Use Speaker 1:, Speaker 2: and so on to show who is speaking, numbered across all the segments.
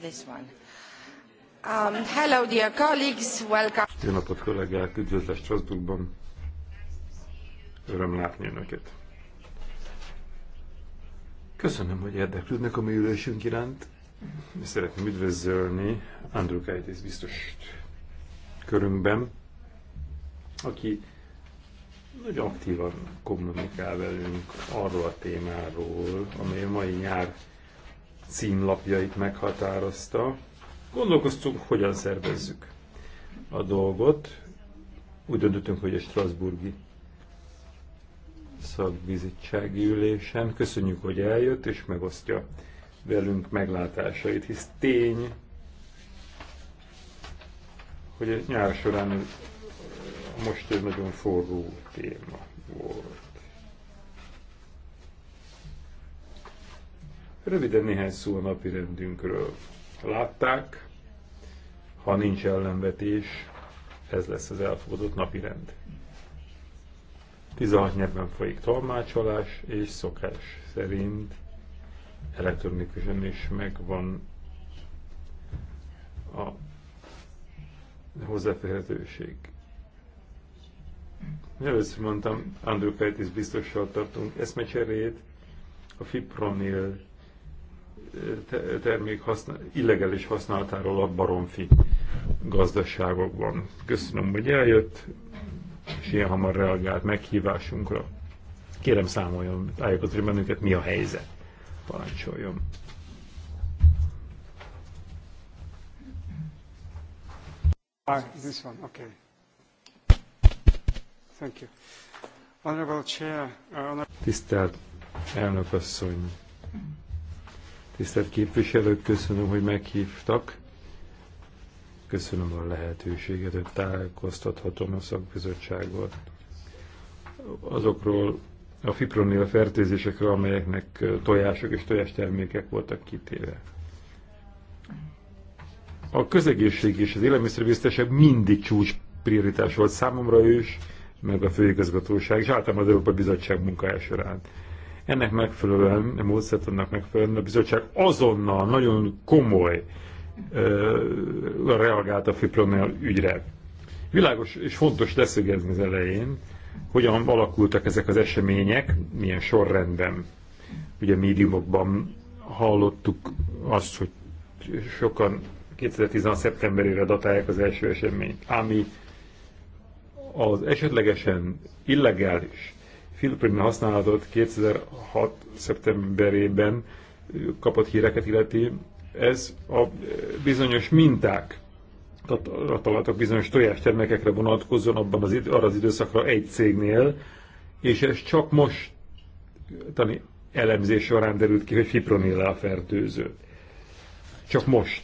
Speaker 1: this one. Um, hello, dear colleagues, welcome.
Speaker 2: Jó napot, kollégák, üdvözlet Strasbourgban. Öröm látni Önöket. Köszönöm, hogy érdeklődnek a mi ülésünk iránt. És szeretném üdvözölni Andrew Kaitis biztos körünkben, aki nagyon aktívan kommunikál velünk arról a témáról, amely a mai nyár címlapjait meghatározta. Gondolkoztunk, hogyan szervezzük a dolgot. Úgy döntöttünk, hogy a Strasburgi szakbizottsági ülésen. Köszönjük, hogy eljött és megosztja velünk meglátásait, hisz tény, hogy a nyár során most egy nagyon forró téma volt. Röviden néhány szó a napi rendünkről. Látták, ha nincs ellenvetés, ez lesz az elfogadott napi rend. 16 nyelven folyik tolmácsolás, és szokás szerint elektronikusan is megvan a hozzáférhetőség. Először mondtam, Andrew Pettis biztossal tartunk eszmecserét, a fipronil termék használ, illegális használatáról a baromfi gazdaságokban. Köszönöm, hogy eljött, és ilyen hamar reagált meghívásunkra. Kérem számoljon, tájékoztatja bennünket, mi a helyzet. Parancsoljon. Ah, this one, okay. Thank you. Honorable Chair, uh, honor... Tisztelt elnök asszony, Tisztelt képviselők, köszönöm, hogy meghívtak. Köszönöm a lehetőséget, hogy tájékoztathatom a szakbizottságot azokról a fipronil fertőzésekről, amelyeknek tojások és tojástermékek voltak kitéve. A közegészség és az élelmiszerbiztonság mindig csúcs prioritás volt számomra is, meg a főigazgatóság, és általában az Európa Bizottság munkája során. Ennek megfelelően, a módszertannak megfelelően a bizottság azonnal nagyon komoly uh, reagált a fipronel ügyre. Világos és fontos leszögezni az elején, hogyan alakultak ezek az események, milyen sorrendben. Ugye médiumokban hallottuk azt, hogy sokan 2016. szeptemberére datálják az első eseményt, ami az esetlegesen illegális filmprime használatot 2006. szeptemberében kapott híreket illeti, ez a bizonyos minták találtak bizonyos tojástermékekre vonatkozóan abban az, arra az időszakra egy cégnél, és ez csak most tani elemzés során derült ki, hogy fipronilla a fertőző. Csak most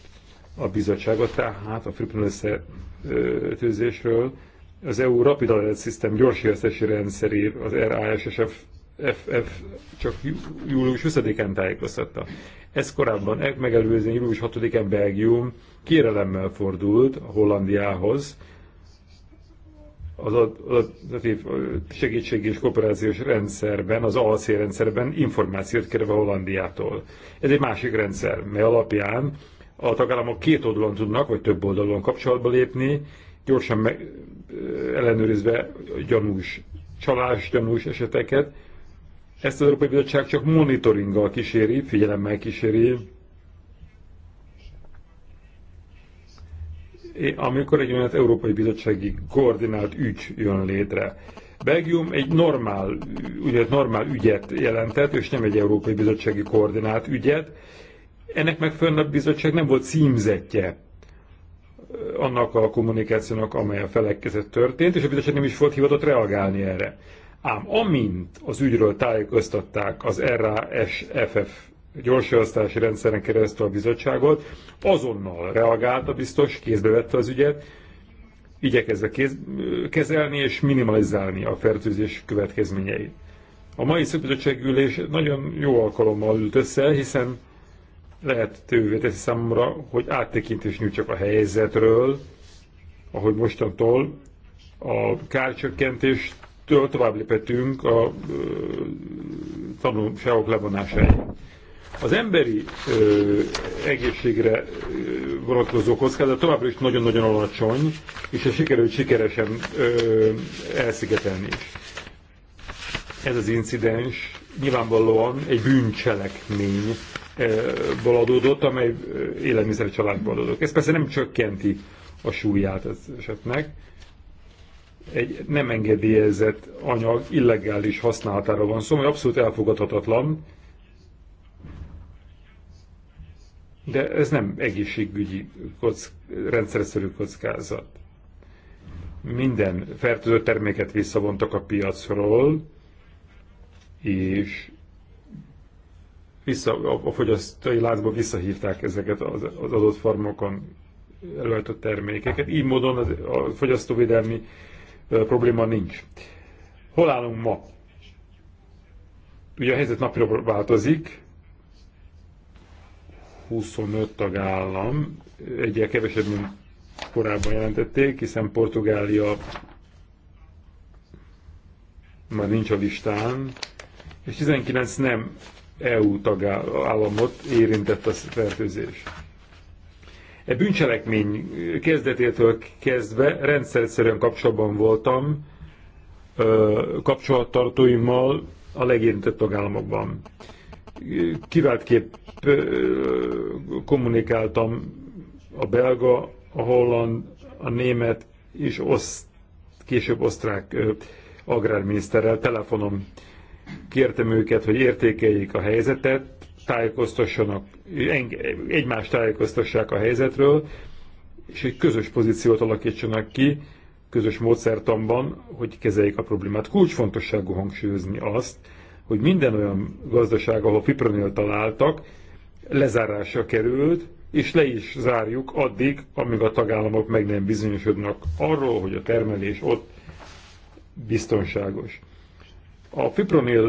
Speaker 2: a bizottságot, tehát a fipronilla fertőzésről az EU Rapid Alert System gyors híresztési rendszeré, az RASSF FF csak július 20-án tájékoztatta. Ez korábban e- megelőzően július 6-án Belgium kérelemmel fordult a Hollandiához, az adatív segítség és kooperációs rendszerben, az ALC rendszerben információt kérve Hollandiától. Ez egy másik rendszer, mely alapján a tagállamok két oldalon tudnak, vagy több oldalon kapcsolatba lépni, gyorsan meg, ellenőrizve gyanús, csalás gyanús eseteket. Ezt az Európai Bizottság csak monitoringgal kíséri, figyelemmel kíséri. Amikor egy olyan Európai Bizottsági koordinált ügy jön létre. Belgium egy normál, ugye, egy normál ügyet jelentett, és nem egy Európai Bizottsági koordinált ügyet. Ennek megfelelően a bizottság nem volt címzetje annak a kommunikációnak, amely a felek között történt, és a bizottság nem is volt hivatott reagálni erre. Ám amint az ügyről tájékoztatták az RASFF gyorsjasztási rendszeren keresztül a bizottságot, azonnal reagált a biztos, kézbe vette az ügyet, igyekezve kéz, kezelni és minimalizálni a fertőzés következményeit. A mai szakbizottság ülés nagyon jó alkalommal ült össze, hiszen lehetővé teszi számomra, hogy áttekintést nyújtsak a helyzetről, ahogy mostantól a kárcsökkentéstől tovább lépettünk a ö, tanulságok levonásáig. Az emberi ö, egészségre vonatkozó kockázat továbbra is nagyon-nagyon alacsony, és ez sikerült sikeresen ö, elszigetelni is. Ez az incidens nyilvánvalóan egy bűncselekmény, ból adódott, amely élelmiszer családból adódott. Ez persze nem csökkenti a súlyát az esetnek. Egy nem engedélyezett anyag illegális használatára van szó, szóval, ami abszolút elfogadhatatlan, de ez nem egészségügyi kock, rendszerszerű kockázat. Minden fertőzött terméket visszavontak a piacról, és vissza, a fogyasztói láncba visszahívták ezeket az, az adott farmokon előállított termékeket. Így módon az, a fogyasztóvédelmi ö, probléma nincs. Hol állunk ma? Ugye a helyzet napra változik, 25 tagállam, egyel kevesebb, mint korábban jelentették, hiszen Portugália már nincs a listán, és 19 nem EU tagállamot érintett a fertőzés. E bűncselekmény kezdetétől kezdve rendszerszerűen kapcsolatban voltam kapcsolattartóimmal a legérintett tagállamokban. Kiváltképp kommunikáltam a belga, a holland, a német és oszt, később osztrák agrárminiszterrel telefonon kértem őket, hogy értékeljék a helyzetet, tájékoztassanak, egymást tájékoztassák a helyzetről, és egy közös pozíciót alakítsanak ki, közös módszertamban, hogy kezeljék a problémát. Kulcsfontosságú hangsúlyozni azt, hogy minden olyan gazdaság, ahol fipronil találtak, lezárásra került, és le is zárjuk addig, amíg a tagállamok meg nem bizonyosodnak arról, hogy a termelés ott biztonságos. A fipronil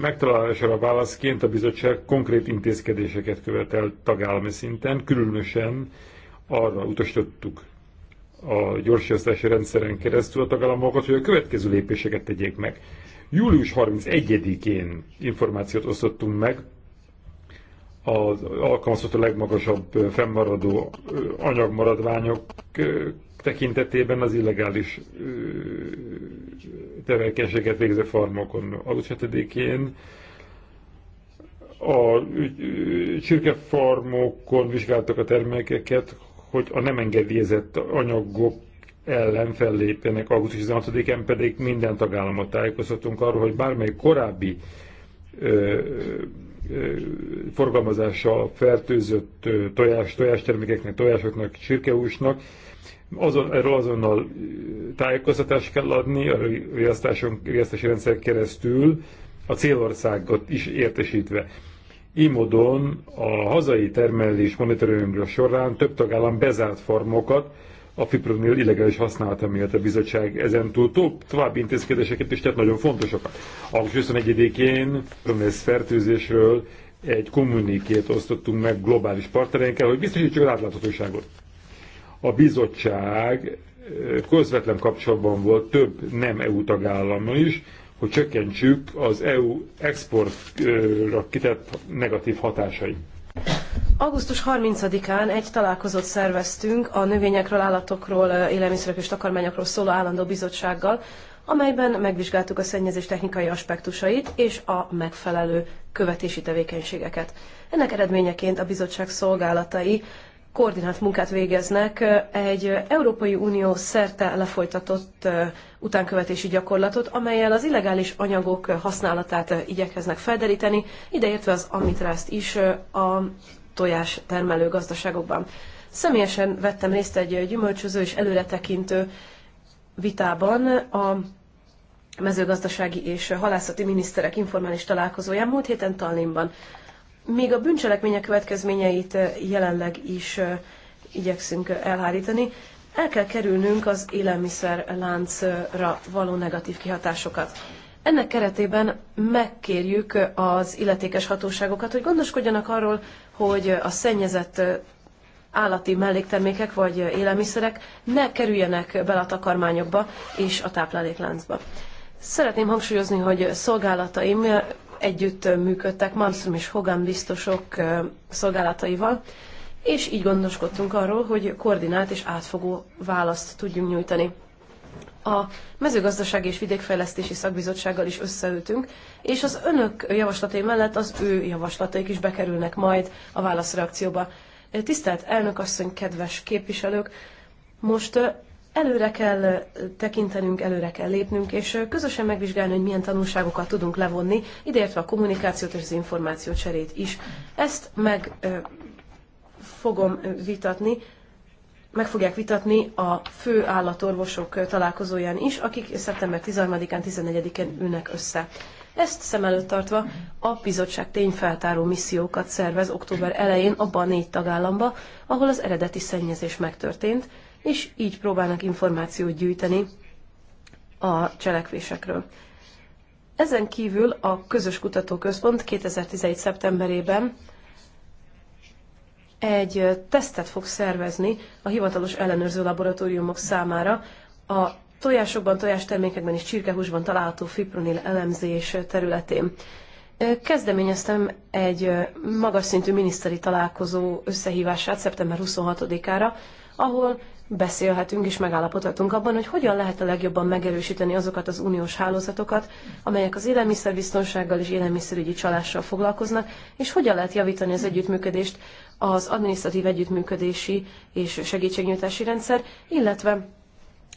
Speaker 2: megtalálására válaszként a bizottság konkrét intézkedéseket követel tagállami szinten, különösen arra utasítottuk a gyorsítási rendszeren keresztül a tagállamokat, hogy a következő lépéseket tegyék meg. Július 31-én információt osztottunk meg az alkalmazható legmagasabb fennmaradó anyagmaradványok tekintetében az illegális tevékenységet végző farmokon. Augusztus 7 a csirkefarmokon vizsgáltak a termékeket, hogy a nem engedélyezett anyagok ellen fellépjenek. Augusztus 16-án pedig minden tagállamot tájékoztatunk arról, hogy bármely korábbi ö, forgalmazása a fertőzött tojás, tojástermékeknek, tojásoknak, csirkehúsnak, azon, erről azonnal tájékoztatást kell adni a riasztási rendszer keresztül, a célországot is értesítve. Így módon a hazai termelés monitoringja során több tagállam bezárt farmokat, a fipronil illegális használata miatt a bizottság ezen túl további intézkedéseket is tett nagyon fontosokat. Augusztus 21-én fipronilsz fertőzésről egy kommunikét osztottunk meg globális partnereinkkel, hogy biztosítsuk az átláthatóságot. A bizottság közvetlen kapcsolatban volt több nem EU tagállammal is, hogy csökkentsük az EU exportra kitett negatív hatásait.
Speaker 3: Augusztus 30-án egy találkozót szerveztünk a növényekről, állatokról, élelmiszerek és takarmányokról szóló állandó bizottsággal, amelyben megvizsgáltuk a szennyezés technikai aspektusait és a megfelelő követési tevékenységeket. Ennek eredményeként a bizottság szolgálatai koordinált munkát végeznek, egy Európai Unió szerte lefolytatott utánkövetési gyakorlatot, amelyel az illegális anyagok használatát igyekeznek felderíteni, ideértve az amitrázt is a tojás termelő gazdaságokban. Személyesen vettem részt egy gyümölcsöző és előretekintő vitában a mezőgazdasági és halászati miniszterek informális találkozóján múlt héten Tallinnban még a bűncselekmények következményeit eh, jelenleg is eh, igyekszünk eh, elhárítani. El kell kerülnünk az élelmiszerláncra való negatív kihatásokat. Ennek keretében megkérjük az illetékes hatóságokat, hogy gondoskodjanak arról, hogy a szennyezett állati melléktermékek vagy élelmiszerek ne kerüljenek bele a takarmányokba és a táplálékláncba. Szeretném hangsúlyozni, hogy szolgálataim együtt működtek Malmström és Hogan biztosok szolgálataival, és így gondoskodtunk arról, hogy koordinált és átfogó választ tudjunk nyújtani. A mezőgazdasági és vidékfejlesztési szakbizottsággal is összeültünk, és az önök javaslatai mellett az ő javaslataik is bekerülnek majd a válaszreakcióba. Tisztelt elnök asszony, kedves képviselők, most Előre kell tekintenünk, előre kell lépnünk, és közösen megvizsgálni, hogy milyen tanulságokat tudunk levonni, ideértve a kommunikációt és az információ cserét is. Ezt meg fogom vitatni, meg fogják vitatni a fő állatorvosok találkozóján is, akik szeptember 13-án, 14-én ülnek össze. Ezt szem előtt tartva a bizottság tényfeltáró missziókat szervez október elején abban a négy tagállamba, ahol az eredeti szennyezés megtörtént, és így próbálnak információt gyűjteni a cselekvésekről. Ezen kívül a Közös Kutatóközpont 2011. szeptemberében egy tesztet fog szervezni a hivatalos ellenőrző laboratóriumok számára a tojásokban, tojástermékekben és csirkehúsban található fipronil elemzés területén. Kezdeményeztem egy magas szintű miniszteri találkozó összehívását szeptember 26-ára, ahol beszélhetünk és megállapodhatunk abban, hogy hogyan lehet a legjobban megerősíteni azokat az uniós hálózatokat, amelyek az élelmiszerbiztonsággal és élelmiszerügyi csalással foglalkoznak, és hogyan lehet javítani az együttműködést az adminisztratív együttműködési és segítségnyújtási rendszer, illetve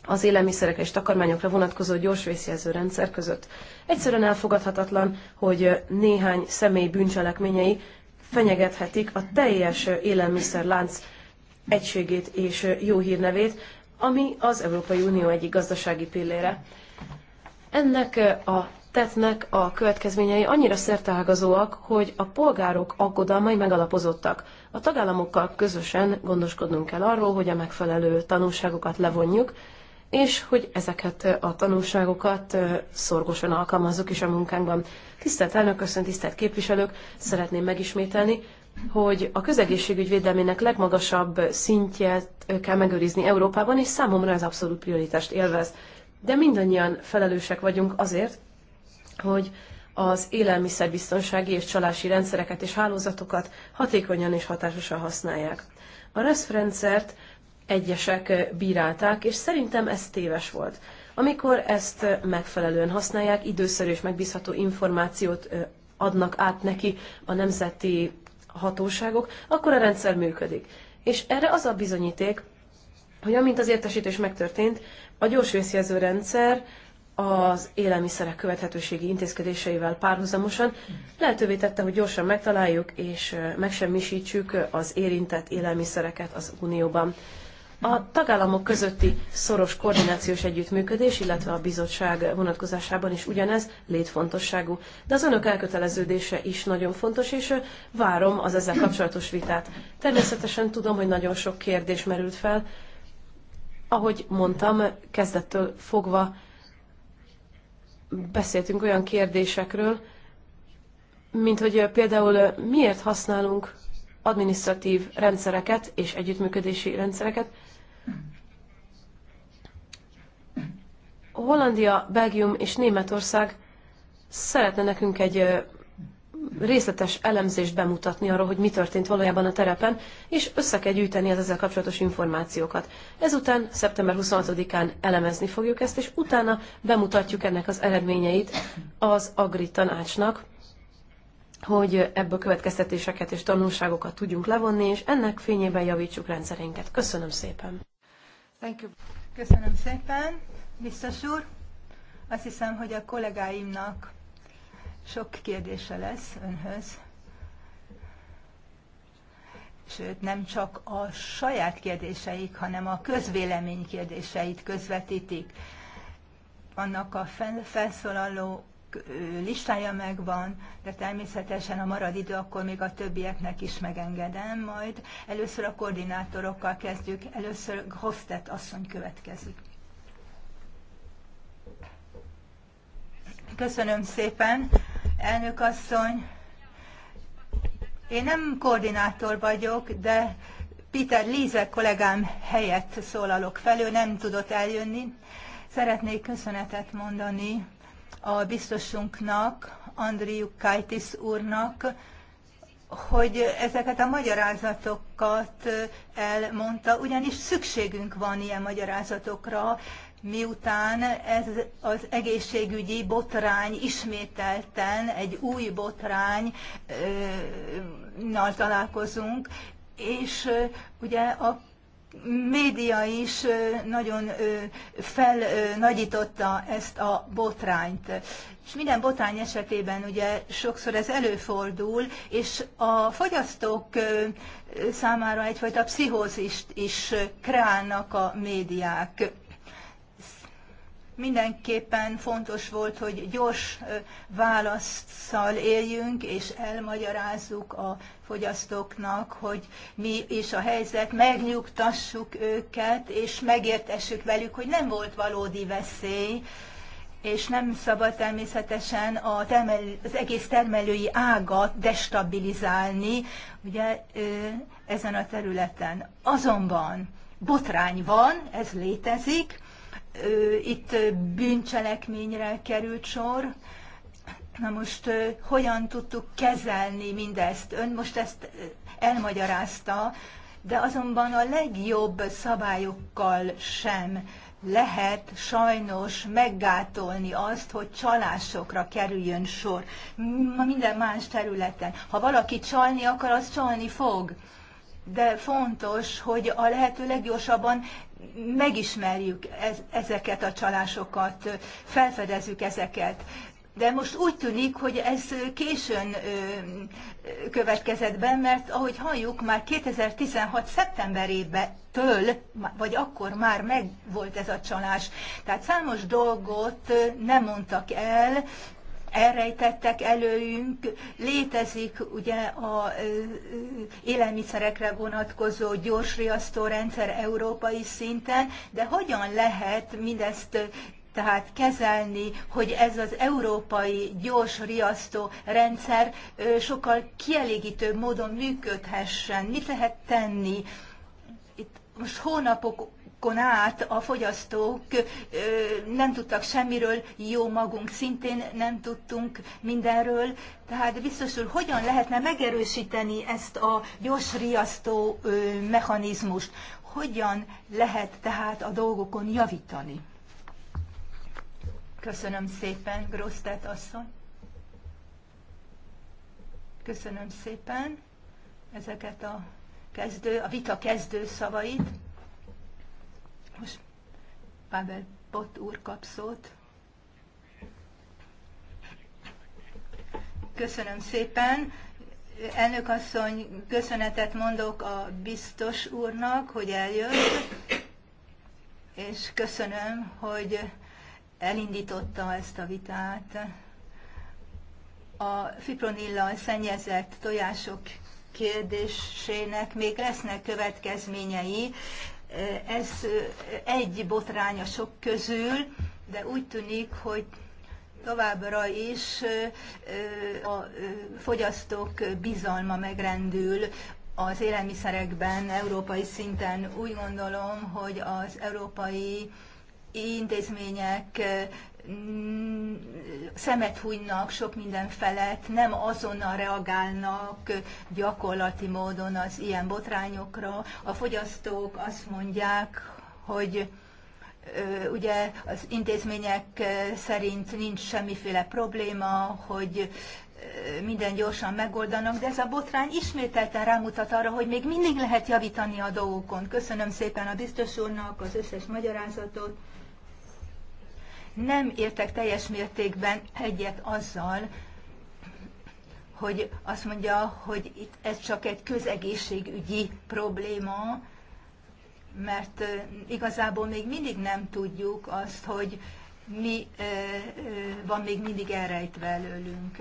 Speaker 3: az élelmiszerekre és takarmányokra vonatkozó gyors vészjelző rendszer között. Egyszerűen elfogadhatatlan, hogy néhány személy bűncselekményei fenyegethetik a teljes élelmiszerlánc egységét és jó hírnevét, ami az Európai Unió egyik gazdasági pillére. Ennek a tetnek a következményei annyira szerteágazóak, hogy a polgárok aggodalmai megalapozottak. A tagállamokkal közösen gondoskodnunk kell arról, hogy a megfelelő tanulságokat levonjuk, és hogy ezeket a tanulságokat szorgosan alkalmazzuk is a munkánkban. Tisztelt elnök, köszönöm, tisztelt képviselők, szeretném megismételni, hogy a közegészségügy védelmének legmagasabb szintjét kell megőrizni Európában, és számomra ez abszolút prioritást élvez. De mindannyian felelősek vagyunk azért, hogy az élelmiszerbiztonsági és csalási rendszereket és hálózatokat hatékonyan és hatásosan használják. A RESZ rendszert egyesek bírálták, és szerintem ez téves volt. Amikor ezt megfelelően használják, időszerű és megbízható információt adnak át neki a nemzeti hatóságok, akkor a rendszer működik. És erre az a bizonyíték, hogy amint az értesítés megtörtént, a gyors vészjelző rendszer az élelmiszerek követhetőségi intézkedéseivel párhuzamosan lehetővé tette, hogy gyorsan megtaláljuk és megsemmisítsük az érintett élelmiszereket az Unióban. A tagállamok közötti szoros koordinációs együttműködés, illetve a bizottság vonatkozásában is ugyanez létfontosságú. De az önök elköteleződése is nagyon fontos, és várom az ezzel kapcsolatos vitát. Természetesen tudom, hogy nagyon sok kérdés merült fel. Ahogy mondtam, kezdettől fogva beszéltünk olyan kérdésekről, mint hogy például miért használunk administratív rendszereket és együttműködési rendszereket, Hollandia, Belgium és Németország szeretne nekünk egy részletes elemzést bemutatni arról, hogy mi történt valójában a terepen, és össze kell gyűjteni az ezzel kapcsolatos információkat. Ezután szeptember 26-án elemezni fogjuk ezt, és utána bemutatjuk ennek az eredményeit az Agri tanácsnak, hogy ebből következtetéseket és tanulságokat tudjunk levonni, és ennek fényében javítsuk rendszerénket. Köszönöm szépen!
Speaker 1: Thank you. Köszönöm szépen, biztos úr. Azt hiszem, hogy a kollégáimnak sok kérdése lesz önhöz. Sőt, nem csak a saját kérdéseik, hanem a közvélemény kérdéseit közvetítik. Vannak a felszólaló listája megvan, de természetesen a marad idő, akkor még a többieknek is megengedem majd. Először a koordinátorokkal kezdjük, először Hoftet asszony következik. Köszönöm szépen, elnök asszony. Én nem koordinátor vagyok, de Peter Líze kollégám helyett szólalok fel, ő nem tudott eljönni. Szeretnék köszönetet mondani a biztosunknak, Andriuk Kajtis úrnak, hogy ezeket a magyarázatokat elmondta, ugyanis szükségünk van ilyen magyarázatokra, miután ez az egészségügyi botrány ismételten egy új botránynal találkozunk, és ugye a média is nagyon felnagyította ezt a botrányt. És minden botrány esetében ugye sokszor ez előfordul, és a fogyasztók számára egyfajta pszichózist is kreálnak a médiák mindenképpen fontos volt, hogy gyors válaszszal éljünk, és elmagyarázzuk a fogyasztóknak, hogy mi is a helyzet, megnyugtassuk őket, és megértessük velük, hogy nem volt valódi veszély, és nem szabad természetesen a termel, az egész termelői ágat destabilizálni, ugye ezen a területen. Azonban botrány van, ez létezik, itt bűncselekményre került sor. Na most hogyan tudtuk kezelni mindezt? Ön most ezt elmagyarázta, de azonban a legjobb szabályokkal sem lehet sajnos meggátolni azt, hogy csalásokra kerüljön sor. minden más területen. Ha valaki csalni akar, az csalni fog de fontos, hogy a lehető leggyorsabban megismerjük ez, ezeket a csalásokat, felfedezzük ezeket. De most úgy tűnik, hogy ez későn következett be, mert ahogy halljuk, már 2016. szeptemberében től, vagy akkor már megvolt ez a csalás. Tehát számos dolgot nem mondtak el, elrejtettek előünk. Létezik ugye a élelmiszerekre vonatkozó gyorsriasztó rendszer európai szinten, de hogyan lehet mindezt tehát kezelni, hogy ez az európai gyors riasztó rendszer sokkal kielégítőbb módon működhessen. Mit lehet tenni? Itt most hónapok napokon át a fogyasztók nem tudtak semmiről, jó magunk szintén nem tudtunk mindenről. Tehát biztos úr, hogyan lehetne megerősíteni ezt a gyors riasztó mechanizmust? Hogyan lehet tehát a dolgokon javítani? Köszönöm szépen, Grosztát asszony. Köszönöm szépen ezeket a kezdő, a vita kezdő szavait. Most Pavel Pot úr kap szót. Köszönöm szépen. Elnök asszony, köszönetet mondok a biztos úrnak, hogy eljött, és köszönöm, hogy elindította ezt a vitát. A Fipronilla szennyezett tojások kérdésének még lesznek következményei, ez egy botrány a sok közül, de úgy tűnik, hogy továbbra is a fogyasztók bizalma megrendül az élelmiszerekben európai szinten. Úgy gondolom, hogy az európai intézmények Mm, szemet hunynak sok minden felett, nem azonnal reagálnak gyakorlati módon az ilyen botrányokra. A fogyasztók azt mondják, hogy ugye az intézmények szerint nincs semmiféle probléma, hogy minden gyorsan megoldanak, de ez a botrány ismételten rámutat arra, hogy még mindig lehet javítani a dolgokon. Köszönöm szépen a biztos úrnak az összes magyarázatot nem értek teljes mértékben egyet azzal, hogy azt mondja, hogy itt ez csak egy közegészségügyi probléma, mert igazából még mindig nem tudjuk azt, hogy mi van még mindig elrejtve előlünk.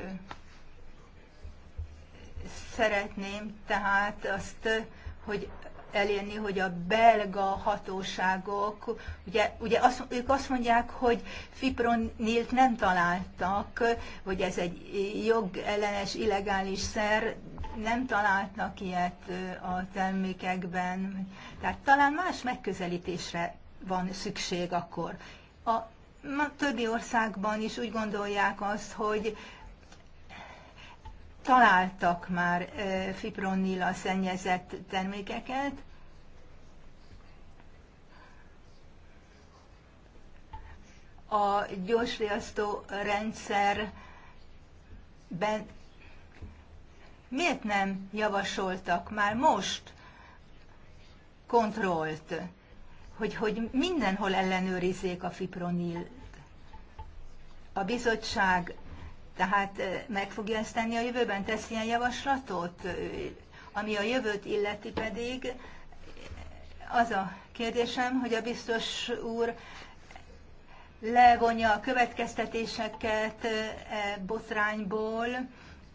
Speaker 1: Szeretném tehát azt, hogy elérni, hogy a belga hatóságok, ugye, ugye azt, ők azt mondják, hogy fipronilt nem találtak, hogy ez egy jogellenes, illegális szer, nem találtak ilyet a termékekben. Tehát talán más megközelítésre van szükség akkor. A többi országban is úgy gondolják azt, hogy találtak már fipronilla szennyezett termékeket, a gyorsriasztó rendszerben miért nem javasoltak már most kontrollt, hogy, hogy mindenhol ellenőrizzék a fipronil A bizottság tehát meg fogja ezt tenni a jövőben? Tesz ilyen javaslatot? Ami a jövőt illeti pedig, az a kérdésem, hogy a biztos úr levonja a következtetéseket e botrányból,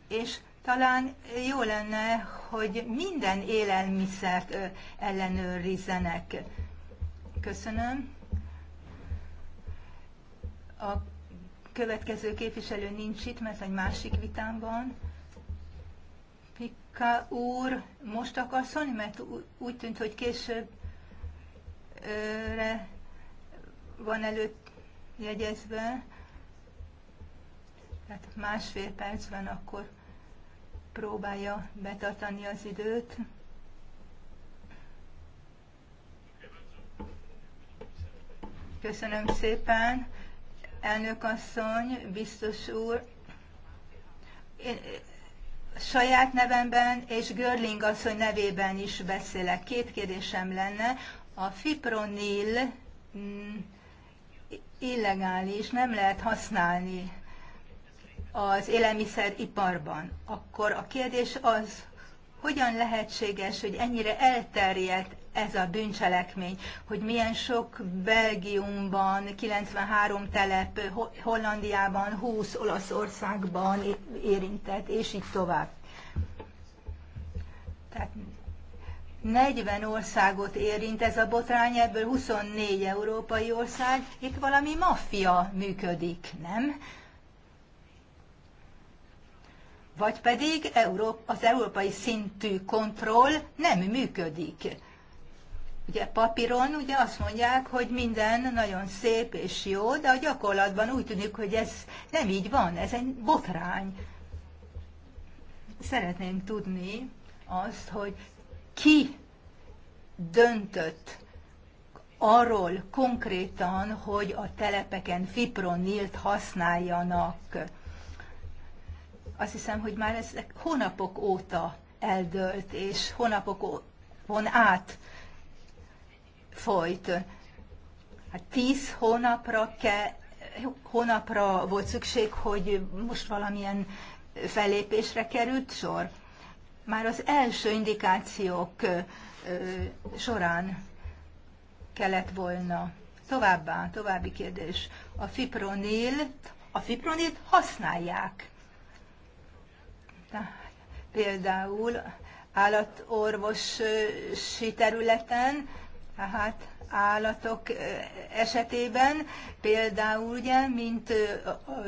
Speaker 1: és talán jó lenne, hogy minden élelmiszert ellenőrizzenek. Köszönöm. A következő képviselő nincs itt, mert egy másik vitám van. Pika úr, most akar szólni? Mert úgy tűnt, hogy később van előtt jegyezve. Tehát másfél percben akkor próbálja betartani az időt. Köszönöm szépen elnök asszony, biztos úr. Én saját nevemben és Görling asszony nevében is beszélek. Két kérdésem lenne. A fipronil mm, illegális, nem lehet használni az élelmiszeriparban. Akkor a kérdés az, hogyan lehetséges, hogy ennyire elterjedt ez a bűncselekmény, hogy milyen sok Belgiumban, 93 telep, Hollandiában, 20 Olaszországban érintett, és így tovább. Tehát 40 országot érint ez a botrány, ebből 24 európai ország, itt valami maffia működik, nem? Vagy pedig az európai szintű kontroll nem működik Ugye papíron ugye azt mondják, hogy minden nagyon szép és jó, de a gyakorlatban úgy tűnik, hogy ez nem így van, ez egy botrány. Szeretnénk tudni azt, hogy ki döntött arról konkrétan, hogy a telepeken fipronilt használjanak. Azt hiszem, hogy már ez hónapok óta eldőlt, és hónapok von át folyt. Hát tíz hónapra, ke, hónapra volt szükség, hogy most valamilyen fellépésre került sor. Már az első indikációk során kellett volna. Továbbá, további kérdés. A fipronilt, a fipronilt használják. például állatorvosi területen tehát állatok esetében, például ugye, mint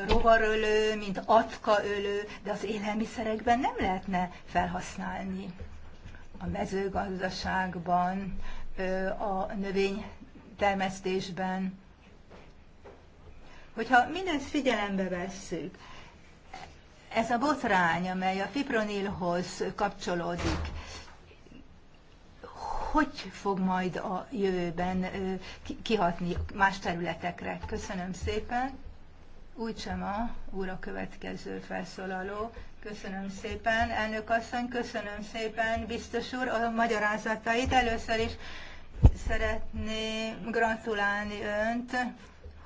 Speaker 1: rovarölő, mint atkaölő, de az élelmiszerekben nem lehetne felhasználni. A mezőgazdaságban, a növénytermesztésben. Hogyha mindezt figyelembe vesszük, ez a botrány, amely a fipronilhoz kapcsolódik, hogy fog majd a jövőben kihatni más területekre. Köszönöm szépen. Úgysem a úr a következő felszólaló. Köszönöm szépen, elnök asszony, köszönöm szépen, biztos úr, a magyarázatait. Először is szeretném gratulálni önt,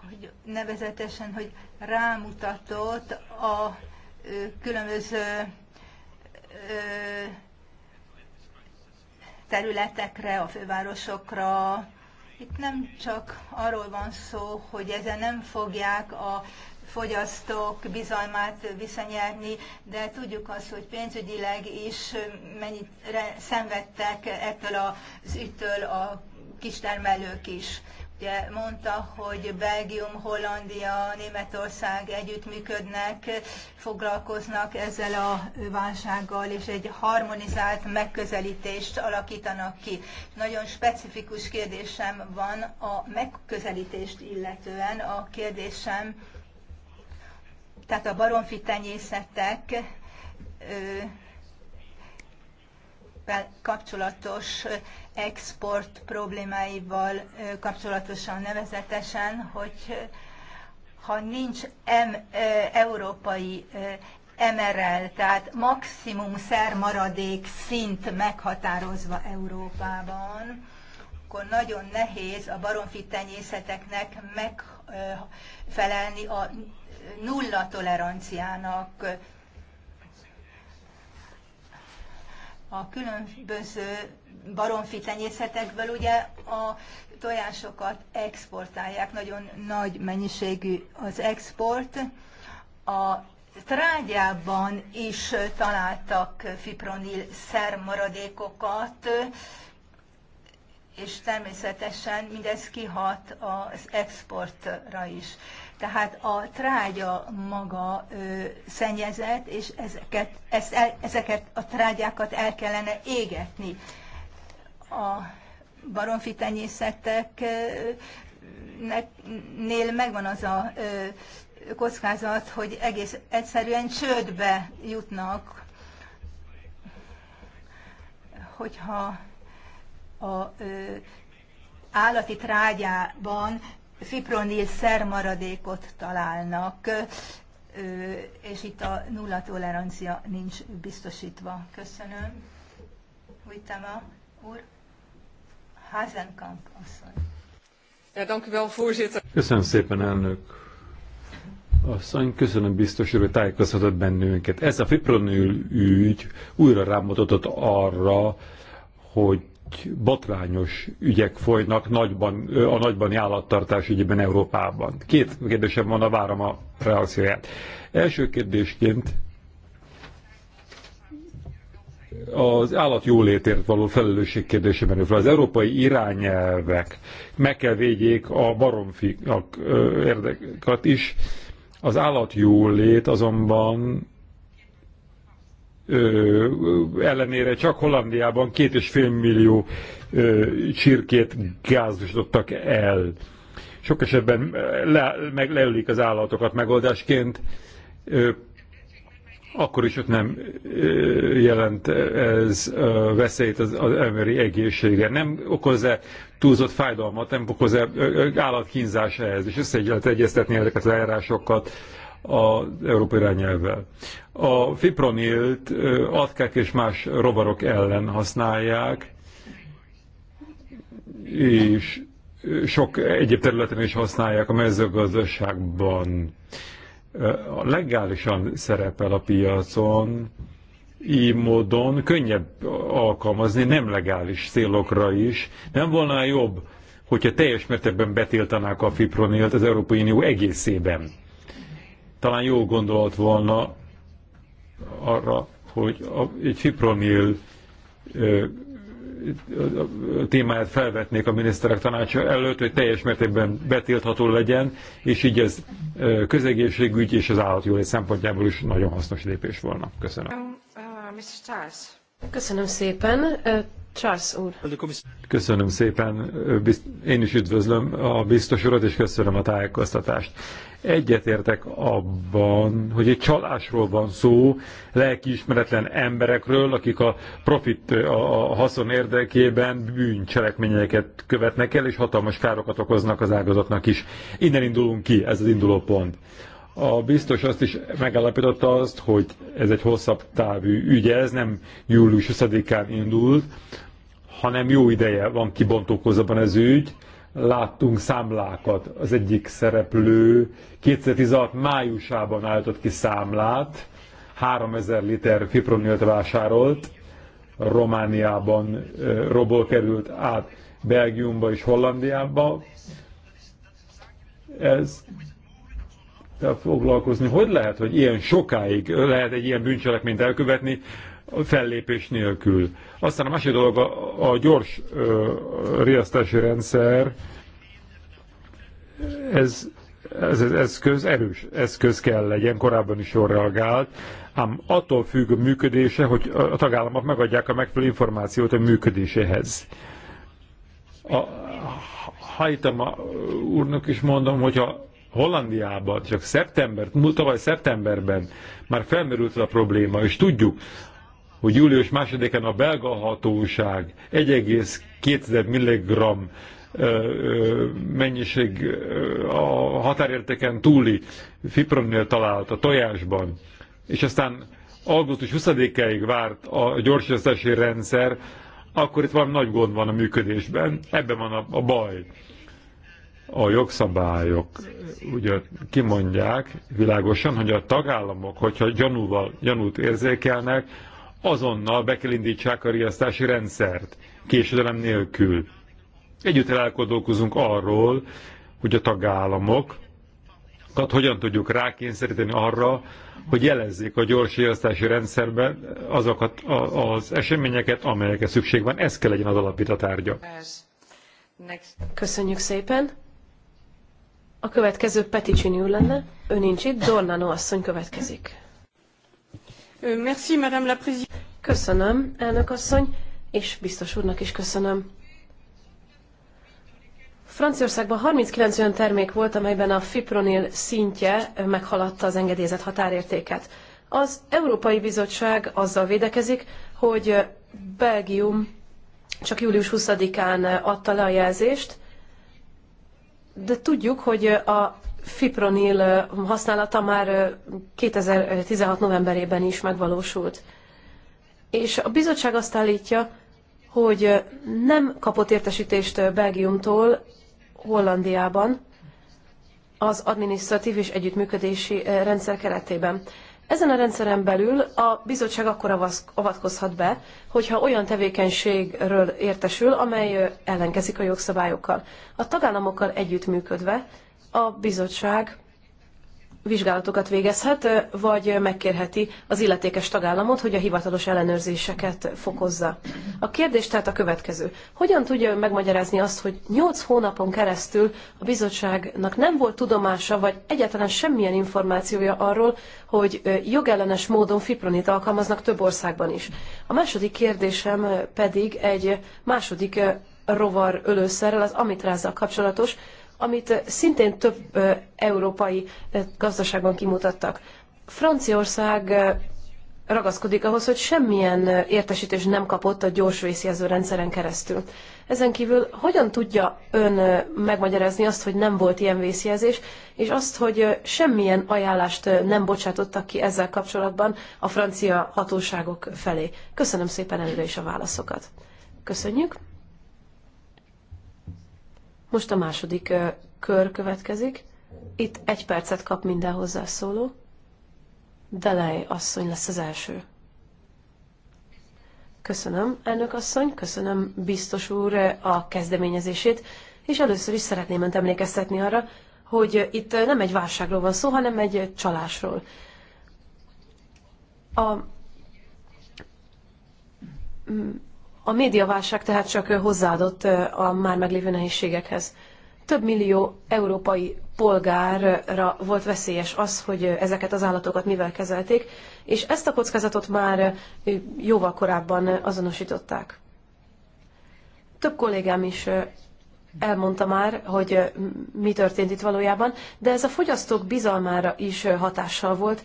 Speaker 1: hogy nevezetesen, hogy rámutatott a különböző területekre, a fővárosokra. Itt nem csak arról van szó, hogy ezen nem fogják a fogyasztók bizalmát visszanyerni, de tudjuk azt, hogy pénzügyileg is mennyit szenvedtek ettől az ügytől a kistermelők is ugye mondta, hogy Belgium, Hollandia, Németország együttműködnek, foglalkoznak ezzel a válsággal, és egy harmonizált megközelítést alakítanak ki. Nagyon specifikus kérdésem van a megközelítést illetően. A kérdésem, tehát a baromfi tenyészetek kapcsolatos export problémáival kapcsolatosan nevezetesen, hogy ha nincs em, európai MRL, tehát maximum szermaradék szint meghatározva Európában, akkor nagyon nehéz a baromfi tenyészeteknek megfelelni a nulla toleranciának. A különböző baromfi tenyészetekből ugye a tojásokat exportálják, nagyon nagy mennyiségű az export. A trágyában is találtak fipronil szermaradékokat, és természetesen mindez kihat az exportra is. Tehát a trágya maga ö, szennyezett, és ezeket, ezt el, ezeket a trágyákat el kellene égetni a baromfi tenyészeteknél megvan az a kockázat, hogy egész egyszerűen csődbe jutnak, hogyha a állati trágyában fipronil szermaradékot találnak, és itt a nulla tolerancia nincs biztosítva. Köszönöm. a úr. Házenkamp asszony.
Speaker 2: Köszönöm szépen, elnök asszony, köszönöm biztos, hogy tájékoztatott bennünket. Ez a fipronil ügy újra rámutatott arra, hogy botrányos ügyek folynak nagyban, a nagybani állattartás ügyében Európában. Két kérdésem van, a várom a reakcióját. Első kérdésként az jólétért való felelősség kérdésében fel. Az európai irányelvek meg kell védjék a baromfiak érdeket is. Az jólét azonban ö, ellenére csak Hollandiában két és fél millió ö, csirkét gázosítottak el. Sok esetben le, meg leülik az állatokat megoldásként. Ö, akkor is ott nem jelent ez veszélyt az, az emberi egészségre. Nem okoz-e túlzott fájdalmat, nem okoz-e állatkínzás ehhez, és össze lehet egyeztetni ezeket a eljárásokat az európai irányelvvel. A fipronilt atkák és más rovarok ellen használják, és sok egyéb területen is használják a mezőgazdaságban legálisan szerepel a piacon, így módon könnyebb alkalmazni nem legális célokra is. Nem volna jobb, hogyha teljes mértékben betiltanák a fipronilt az Európai Unió egészében. Talán jó gondolat volna arra, hogy a, egy fipronil témáját felvetnék a miniszterek tanácsa előtt, hogy teljes mértékben betiltható legyen, és így ez közegészségügy és az állatjólét szempontjából is nagyon hasznos lépés volna. Köszönöm.
Speaker 3: Um, uh, Köszönöm szépen úr.
Speaker 2: Köszönöm szépen, én is üdvözlöm a biztos urat, és köszönöm a tájékoztatást. Egyetértek abban, hogy egy csalásról van szó, lelkiismeretlen emberekről, akik a profit, a haszon érdekében bűncselekményeket követnek el, és hatalmas károkat okoznak az ágazatnak is. Innen indulunk ki, ez az induló pont. A biztos azt is megállapította azt, hogy ez egy hosszabb távű ügy, ez nem július 20-án indult, hanem jó ideje van kibontókozóban ez ügy. Láttunk számlákat, az egyik szereplő 2016 májusában állított ki számlát, 3000 liter fipronilt vásárolt, Romániában robol került át Belgiumba és Hollandiába. Ez foglalkozni. Hogy lehet, hogy ilyen sokáig lehet egy ilyen bűncselekményt elkövetni fellépés nélkül? Aztán a másik dolog a, a gyors ö, riasztási rendszer, ez, ez ez eszköz erős eszköz kell legyen, korábban is jól reagált, ám attól függ a működése, hogy a tagállamok megadják a megfelelő információt a működéséhez. A, hajtam a úrnak is mondom, hogyha Hollandiában csak szeptember, tavaly szeptemberben már felmerült a probléma, és tudjuk, hogy július másodikán a belga hatóság 1,2 mg mennyiség a határértéken túli fipronnél talált a tojásban, és aztán augusztus 20 ig várt a gyorsítási rendszer, akkor itt van nagy gond van a működésben, ebben van a, a baj a jogszabályok ugye kimondják világosan, hogy a tagállamok, hogyha gyanúval, gyanút érzékelnek, azonnal be kell indítsák a riasztási rendszert, késedelem nélkül. Együtt elkodolkozunk arról, hogy a tagállamokat hogyan tudjuk rákényszeríteni arra, hogy jelezzék a gyors riasztási rendszerben azokat az eseményeket, amelyekre szükség van. Ez kell legyen az alapvita tárgya.
Speaker 3: Köszönjük szépen! A következő Peticini úr lenne, ő nincs itt, Dornano asszony következik. Merci, Madame la Présidente. Köszönöm, elnök asszony, és biztos úrnak is köszönöm. Franciaországban 39 olyan termék volt, amelyben a fipronil szintje meghaladta az engedélyezett határértéket. Az Európai Bizottság azzal védekezik, hogy Belgium csak július 20-án adta le a jelzést, de tudjuk, hogy a fipronil használata már 2016 novemberében is megvalósult. És a bizottság azt állítja, hogy nem kapott értesítést Belgiumtól Hollandiában az adminisztratív és együttműködési rendszer keretében. Ezen a rendszeren belül a bizottság akkor avatkozhat be, hogyha olyan tevékenységről értesül, amely ellenkezik a jogszabályokkal. A tagállamokkal együttműködve a bizottság vizsgálatokat végezhet, vagy megkérheti az illetékes tagállamot, hogy a hivatalos ellenőrzéseket fokozza. A kérdés tehát a következő. Hogyan tudja megmagyarázni azt, hogy 8 hónapon keresztül a bizottságnak nem volt tudomása, vagy egyáltalán semmilyen információja arról, hogy jogellenes módon fipronit alkalmaznak több országban is? A második kérdésem pedig egy második rovar ölőszerrel, az amitrázzal kapcsolatos, amit szintén több európai gazdaságban kimutattak. Franciaország ragaszkodik ahhoz, hogy semmilyen értesítés nem kapott a gyors vészjelző rendszeren keresztül. Ezen kívül hogyan tudja ön megmagyarázni azt, hogy nem volt ilyen vészjelzés, és azt, hogy semmilyen ajánlást nem bocsátottak ki ezzel kapcsolatban a francia hatóságok felé? Köszönöm szépen előre is a válaszokat. Köszönjük. Most a második kör következik. Itt egy percet kap minden hozzászóló. Delej asszony lesz az első. Köszönöm, elnök asszony, köszönöm biztos úr a kezdeményezését, és először is szeretném önt emlékeztetni arra, hogy itt nem egy válságról van szó, hanem egy csalásról. A a médiaválság tehát csak hozzáadott a már meglévő nehézségekhez. Több millió európai polgárra volt veszélyes az, hogy ezeket az állatokat mivel kezelték, és ezt a kockázatot már jóval korábban azonosították. Több kollégám is elmondta már, hogy mi történt itt valójában, de ez a fogyasztók bizalmára is hatással volt.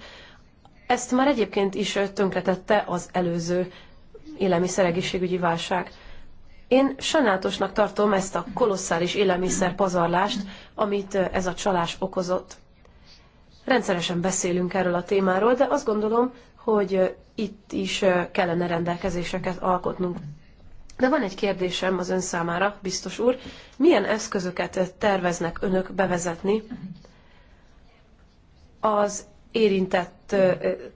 Speaker 3: Ezt már egyébként is tönkretette az előző élelmiszeregészségügyi válság. Én sajnálatosnak tartom ezt a kolosszális élelmiszer pazarlást, amit ez a csalás okozott. Rendszeresen beszélünk erről a témáról, de azt gondolom, hogy itt is kellene rendelkezéseket alkotnunk. De van egy kérdésem az ön számára, biztos úr. Milyen eszközöket terveznek önök bevezetni az érintett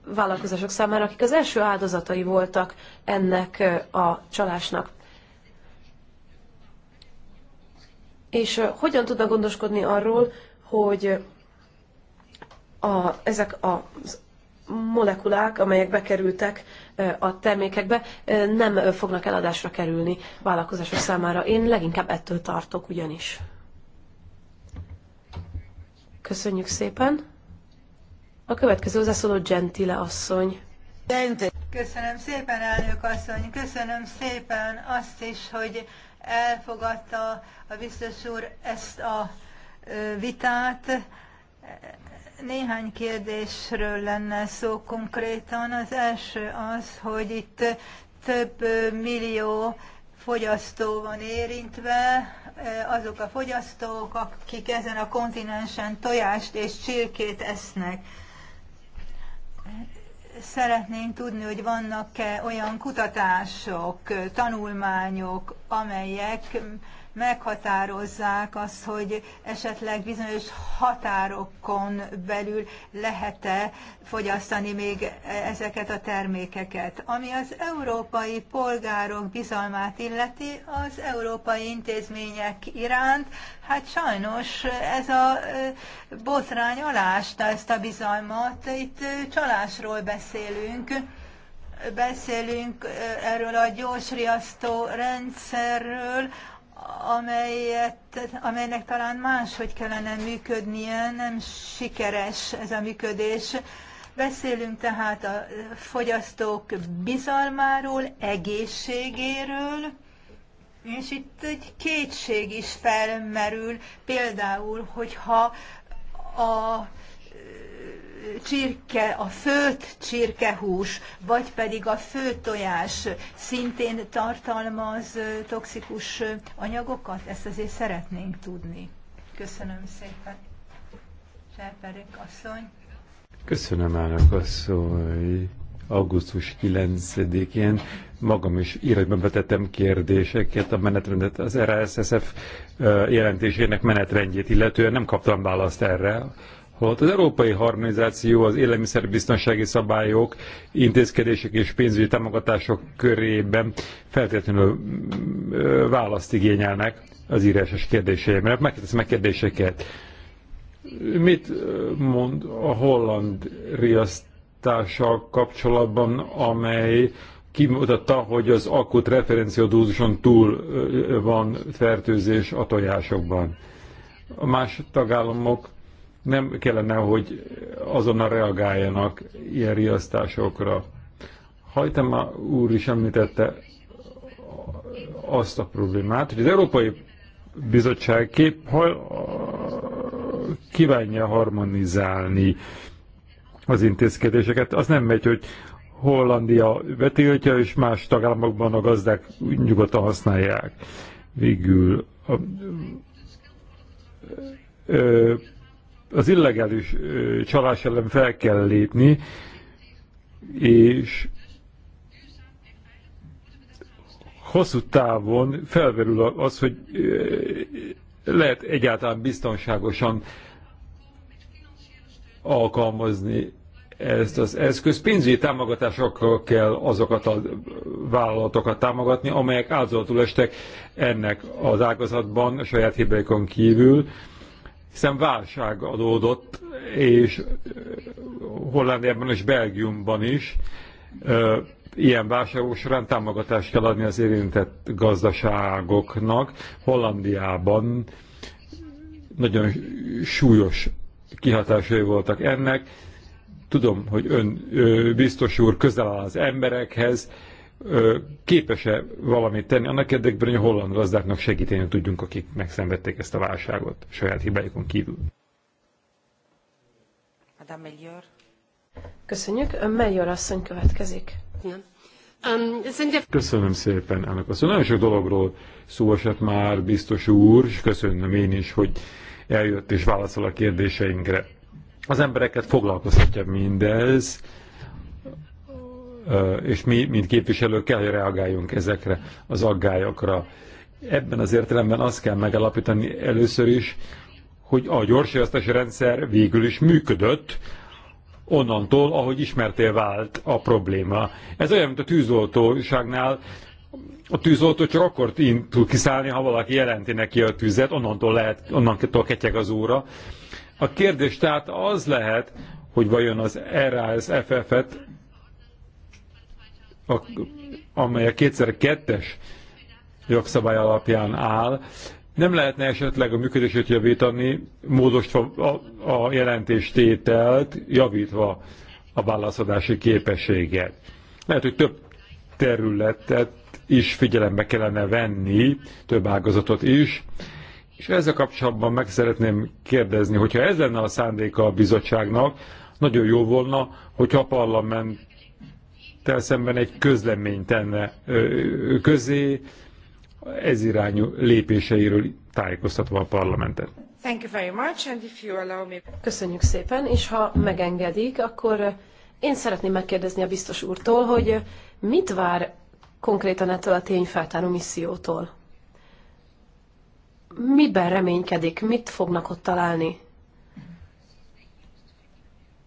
Speaker 3: vállalkozások számára, akik az első áldozatai voltak ennek a csalásnak. És hogyan tudna gondoskodni arról, hogy a, ezek a molekulák, amelyek bekerültek a termékekbe, nem fognak eladásra kerülni vállalkozások számára. Én leginkább ettől tartok ugyanis. Köszönjük szépen! A következő hozzászóló Gentile asszony.
Speaker 1: Köszönöm szépen, elnök asszony, köszönöm szépen azt is, hogy elfogadta a biztos úr ezt a vitát. Néhány kérdésről lenne szó konkrétan. Az első az, hogy itt több millió fogyasztó van érintve, azok a fogyasztók, akik ezen a kontinensen tojást és csirkét esznek. Szeretnénk tudni, hogy vannak-e olyan kutatások, tanulmányok, amelyek meghatározzák azt, hogy esetleg bizonyos határokon belül lehet-e fogyasztani még ezeket a termékeket. Ami az európai polgárok bizalmát illeti az európai intézmények iránt, hát sajnos ez a botrány alásta ezt a bizalmat. Itt csalásról beszélünk beszélünk erről a gyorsriasztó rendszerről, amelyet, amelynek talán máshogy kellene működnie, nem sikeres ez a működés. Beszélünk tehát a fogyasztók bizalmáról, egészségéről, és itt egy kétség is felmerül, például, hogyha a csirke, a főtt csirkehús, vagy pedig a főtt tojás szintén tartalmaz toxikus anyagokat? Ezt azért szeretnénk tudni. Köszönöm szépen. Cserperik asszony.
Speaker 2: Köszönöm, Állak asszony augusztus 9-én magam is írásban vetettem kérdéseket a menetrendet, az RSSF jelentésének menetrendjét illetően nem kaptam választ erre. Holott az európai harmonizáció az élelmiszerbiztonsági szabályok, intézkedések és pénzügyi támogatások körében feltétlenül mm, választ igényelnek az írásos kérdéseimre. Hát Megkérdezem meg kérdéseket. Mit mond a holland riasztással kapcsolatban, amely kimutatta, hogy az akut referenciadózuson túl van fertőzés a tojásokban. A más tagállamok nem kellene, hogy azonnal reagáljanak ilyen riasztásokra. Hajtama úr is említette azt a problémát, hogy az Európai Bizottság kép, kívánja harmonizálni az intézkedéseket. Az nem megy, hogy Hollandia betiltja, és más tagállamokban a gazdák nyugodtan használják. Végül a, ö, az illegális csalás ellen fel kell lépni, és hosszú távon felverül az, hogy lehet egyáltalán biztonságosan alkalmazni ezt az eszköz. Pénzügyi támogatásokkal kell azokat a vállalatokat támogatni, amelyek áldozatul estek ennek az ágazatban, a saját hibáikon kívül hiszen válság adódott, és Hollandiában és Belgiumban is ilyen válságok során támogatást kell adni az érintett gazdaságoknak. Hollandiában nagyon súlyos kihatásai voltak ennek. Tudom, hogy ön biztos úr közel áll az emberekhez, képes-e valamit tenni annak érdekben, hogy a holland gazdáknak segíteni tudjunk, akik megszenvedték ezt a válságot saját hibáikon kívül.
Speaker 3: Madame Melior. Köszönjük. Melior asszony következik. Um,
Speaker 2: köszönöm szépen, elnök asszony. Nagyon sok dologról szó esett már, biztos úr, és köszönöm én is, hogy eljött és válaszol a kérdéseinkre. Az embereket foglalkoztatja mindez, és mi, mint képviselők kell, hogy reagáljunk ezekre az aggályokra. Ebben az értelemben azt kell megalapítani először is, hogy a gyorsriasztási rendszer végül is működött, onnantól, ahogy ismertél vált a probléma. Ez olyan, mint a tűzoltóságnál, a tűzoltó csak akkor tud kiszállni, ha valaki jelenti neki a tüzet, onnantól lehet, onnantól ketyeg az óra. A kérdés tehát az lehet, hogy vajon az rasff FF-et a, amely a 2002-es jogszabály alapján áll, nem lehetne esetleg a működését javítani, módosítva a, a jelentéstételt, javítva a válaszadási képességet. Lehet, hogy több területet is figyelembe kellene venni, több ágazatot is, és ezzel kapcsolatban meg szeretném kérdezni, hogyha ez lenne a szándéka a bizottságnak, nagyon jó volna, hogyha a parlament tel szemben egy közleményt tenne közé, ez irányú lépéseiről tájékoztatva a parlamentet.
Speaker 3: Thank you very much, and if you allow me... Köszönjük szépen, és ha megengedik, akkor én szeretném megkérdezni a biztos úrtól, hogy mit vár konkrétan ettől a tényfeltáró missziótól? Miben reménykedik? Mit fognak ott találni?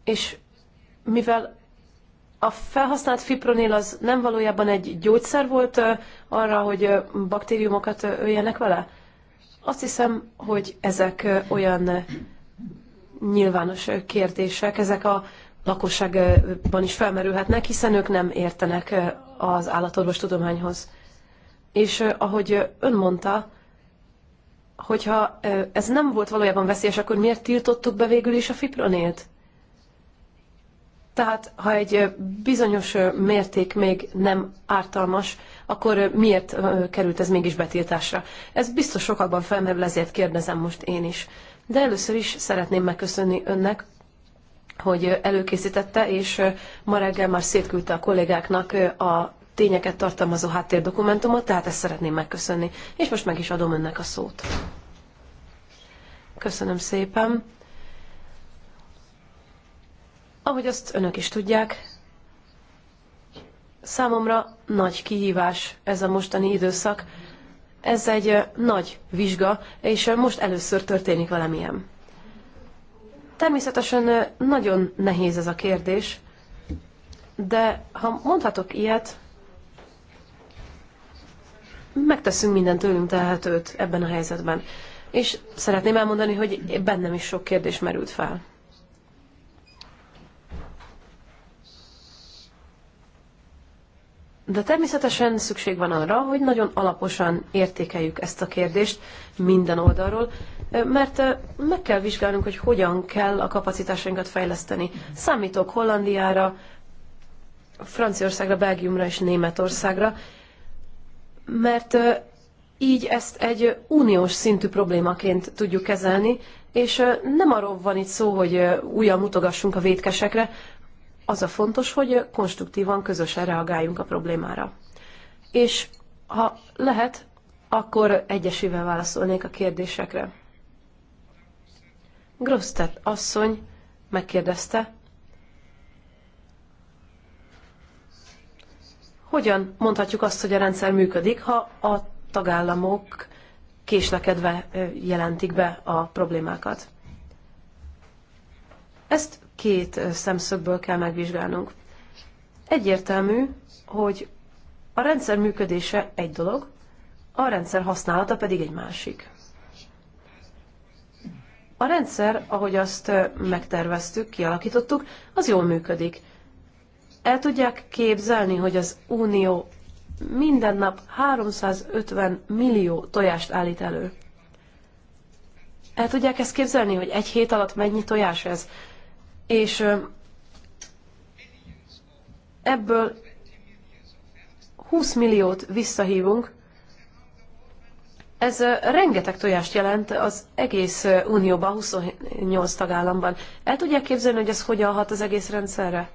Speaker 3: És mivel a felhasznált fipronil az nem valójában egy gyógyszer volt arra, hogy baktériumokat öljenek vele? Azt hiszem, hogy ezek olyan nyilvános kérdések, ezek a lakosságban is felmerülhetnek, hiszen ők nem értenek az állatorvos tudományhoz. És ahogy ön mondta, hogyha ez nem volt valójában veszélyes, akkor miért tiltottuk be végül is a fipronilt? Tehát ha egy bizonyos mérték még nem ártalmas, akkor miért került ez mégis betiltásra? Ez biztos sokakban felmerül, ezért kérdezem most én is. De először is szeretném megköszönni önnek, hogy előkészítette, és ma reggel már szétküldte a kollégáknak a tényeket tartalmazó háttérdokumentumot, tehát ezt szeretném megköszönni. És most meg is adom önnek a szót. Köszönöm szépen. Ahogy azt önök is tudják, számomra nagy kihívás ez a mostani időszak. Ez egy nagy vizsga, és most először történik velem ilyen. Természetesen nagyon nehéz ez a kérdés, de ha mondhatok ilyet, megteszünk minden tőlünk tehetőt ebben a helyzetben. És szeretném elmondani, hogy bennem is sok kérdés merült fel. De természetesen szükség van arra, hogy nagyon alaposan értékeljük ezt a kérdést minden oldalról, mert meg kell vizsgálnunk, hogy hogyan kell a kapacitásainkat fejleszteni. Számítok Hollandiára, Franciaországra, Belgiumra és Németországra, mert így ezt egy uniós szintű problémaként tudjuk kezelni, és nem arról van itt szó, hogy újra mutogassunk a vétkesekre, az a fontos, hogy konstruktívan, közösen reagáljunk a problémára. És ha lehet, akkor egyesével válaszolnék a kérdésekre. Grosztet asszony megkérdezte, hogyan mondhatjuk azt, hogy a rendszer működik, ha a tagállamok késlekedve jelentik be a problémákat. Ezt két szemszögből kell megvizsgálnunk. Egyértelmű, hogy a rendszer működése egy dolog, a rendszer használata pedig egy másik. A rendszer, ahogy azt megterveztük, kialakítottuk, az jól működik. El tudják képzelni, hogy az Unió minden nap 350 millió tojást állít elő. El tudják ezt képzelni, hogy egy hét alatt mennyi tojás ez? És ebből 20 milliót visszahívunk, ez rengeteg tojást jelent az egész Unióban, 28 tagállamban. El tudják képzelni, hogy ez hogyan hat az egész rendszerre?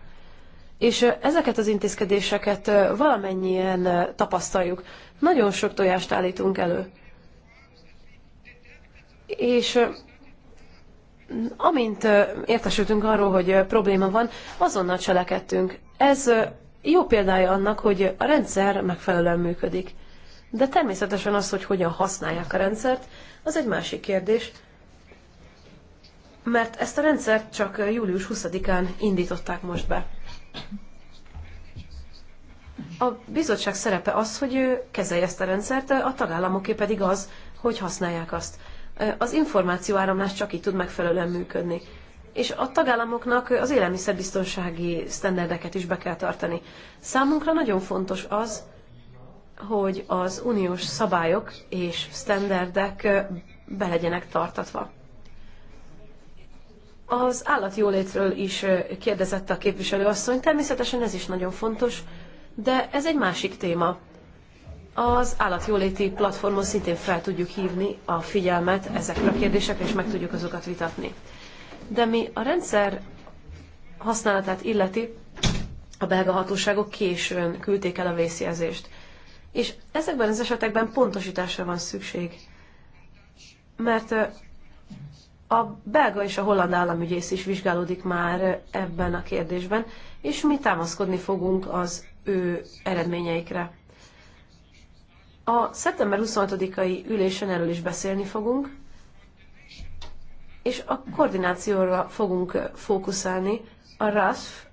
Speaker 3: És ezeket az intézkedéseket valamennyien tapasztaljuk. Nagyon sok tojást állítunk elő. És amint értesültünk arról, hogy probléma van, azonnal cselekedtünk. Ez jó példája annak, hogy a rendszer megfelelően működik. De természetesen az, hogy hogyan használják a rendszert, az egy másik kérdés. Mert ezt a rendszert csak július 20-án indították most be. A bizottság szerepe az, hogy kezelje ezt a rendszert, a tagállamoké pedig az, hogy használják azt az információáramlás csak így tud megfelelően működni. És a tagállamoknak az élelmiszerbiztonsági sztenderdeket is be kell tartani. Számunkra nagyon fontos az, hogy az uniós szabályok és sztenderdek be legyenek tartatva. Az állatjólétről is kérdezett a képviselőasszony, természetesen ez is nagyon fontos, de ez egy másik téma az állatjóléti platformon szintén fel tudjuk hívni a figyelmet ezekre a kérdésekre, és meg tudjuk azokat vitatni. De mi a rendszer használatát illeti, a belga hatóságok későn küldték el a vészjelzést. És ezekben az esetekben pontosításra van szükség. Mert a belga és a holland államügyész is vizsgálódik már ebben a kérdésben, és mi támaszkodni fogunk az ő eredményeikre. A szeptember 26-ai ülésen erről is beszélni fogunk, és a koordinációra fogunk fókuszálni, a RASF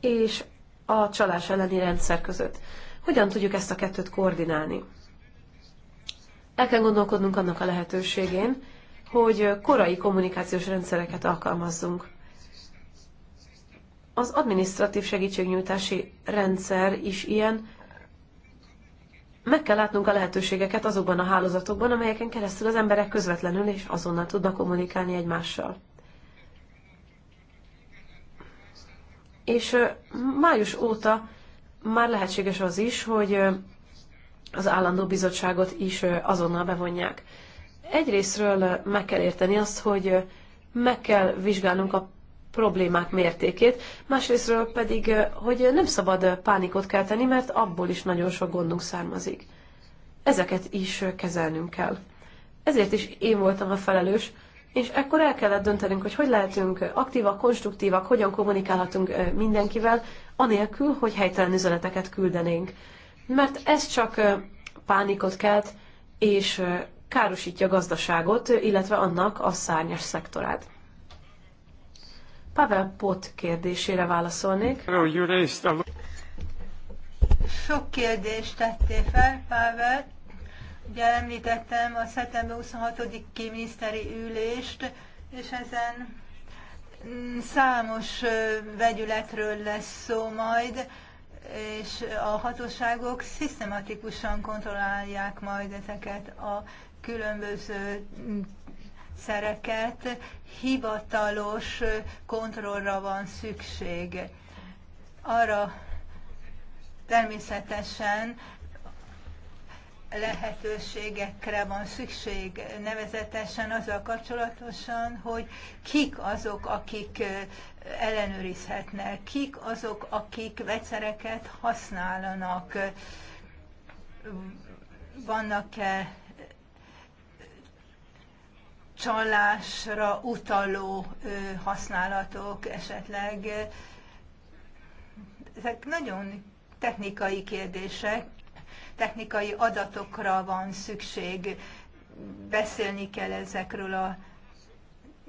Speaker 3: és a csalás elleni rendszer között. Hogyan tudjuk ezt a kettőt koordinálni? El kell gondolkodnunk annak a lehetőségén, hogy korai kommunikációs rendszereket alkalmazzunk. Az adminisztratív segítségnyújtási rendszer is ilyen. Meg kell látnunk a lehetőségeket azokban a hálózatokban, amelyeken keresztül az emberek közvetlenül és azonnal tudnak kommunikálni egymással. És május óta már lehetséges az is, hogy az állandó bizottságot is azonnal bevonják. Egyrésztről meg kell érteni azt, hogy meg kell vizsgálnunk a problémák mértékét, másrésztről pedig, hogy nem szabad pánikot kelteni, mert abból is nagyon sok gondunk származik. Ezeket is kezelnünk kell. Ezért is én voltam a felelős, és ekkor el kellett döntenünk, hogy hogy lehetünk aktívak, konstruktívak, hogyan kommunikálhatunk mindenkivel, anélkül, hogy helytelen üzeneteket küldenénk. Mert ez csak pánikot kelt, és károsítja a gazdaságot, illetve annak a szárnyas szektorát. Pavel Pot kérdésére válaszolnék. Sok kérdést tettél fel,
Speaker 1: Pavel. Ugye említettem a szeptember 26-i miniszteri ülést, és ezen számos vegyületről lesz szó majd, és a hatóságok szisztematikusan kontrollálják majd ezeket a különböző szereket hivatalos kontrollra van szükség. Arra természetesen lehetőségekre van szükség, nevezetesen azzal kapcsolatosan, hogy kik azok, akik ellenőrizhetnek, kik azok, akik vegyszereket használnak, vannak-e csalásra utaló használatok esetleg. Ezek nagyon technikai kérdések, technikai adatokra van szükség, beszélni kell ezekről a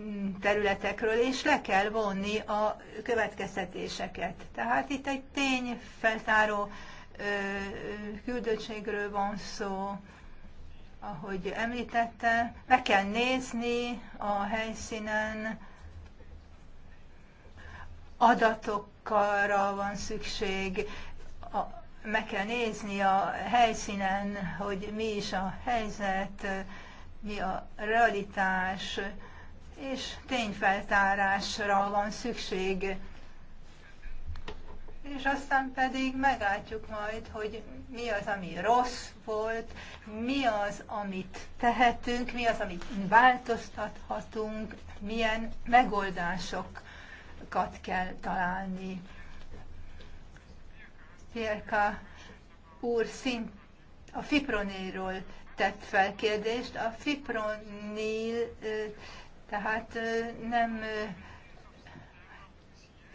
Speaker 1: mm, területekről, és le kell vonni a következtetéseket. Tehát itt egy tényfeltáró küldöttségről van szó, ahogy említette, meg kell nézni a helyszínen, adatokra van szükség, meg kell nézni a helyszínen, hogy mi is a helyzet, mi a realitás, és tényfeltárásra van szükség és aztán pedig megálltjuk majd, hogy mi az, ami rossz volt, mi az, amit tehetünk, mi az, amit változtathatunk, milyen megoldásokat kell találni. Pierka úr szint a Fipronéről tett fel kérdést. A fipronil tehát nem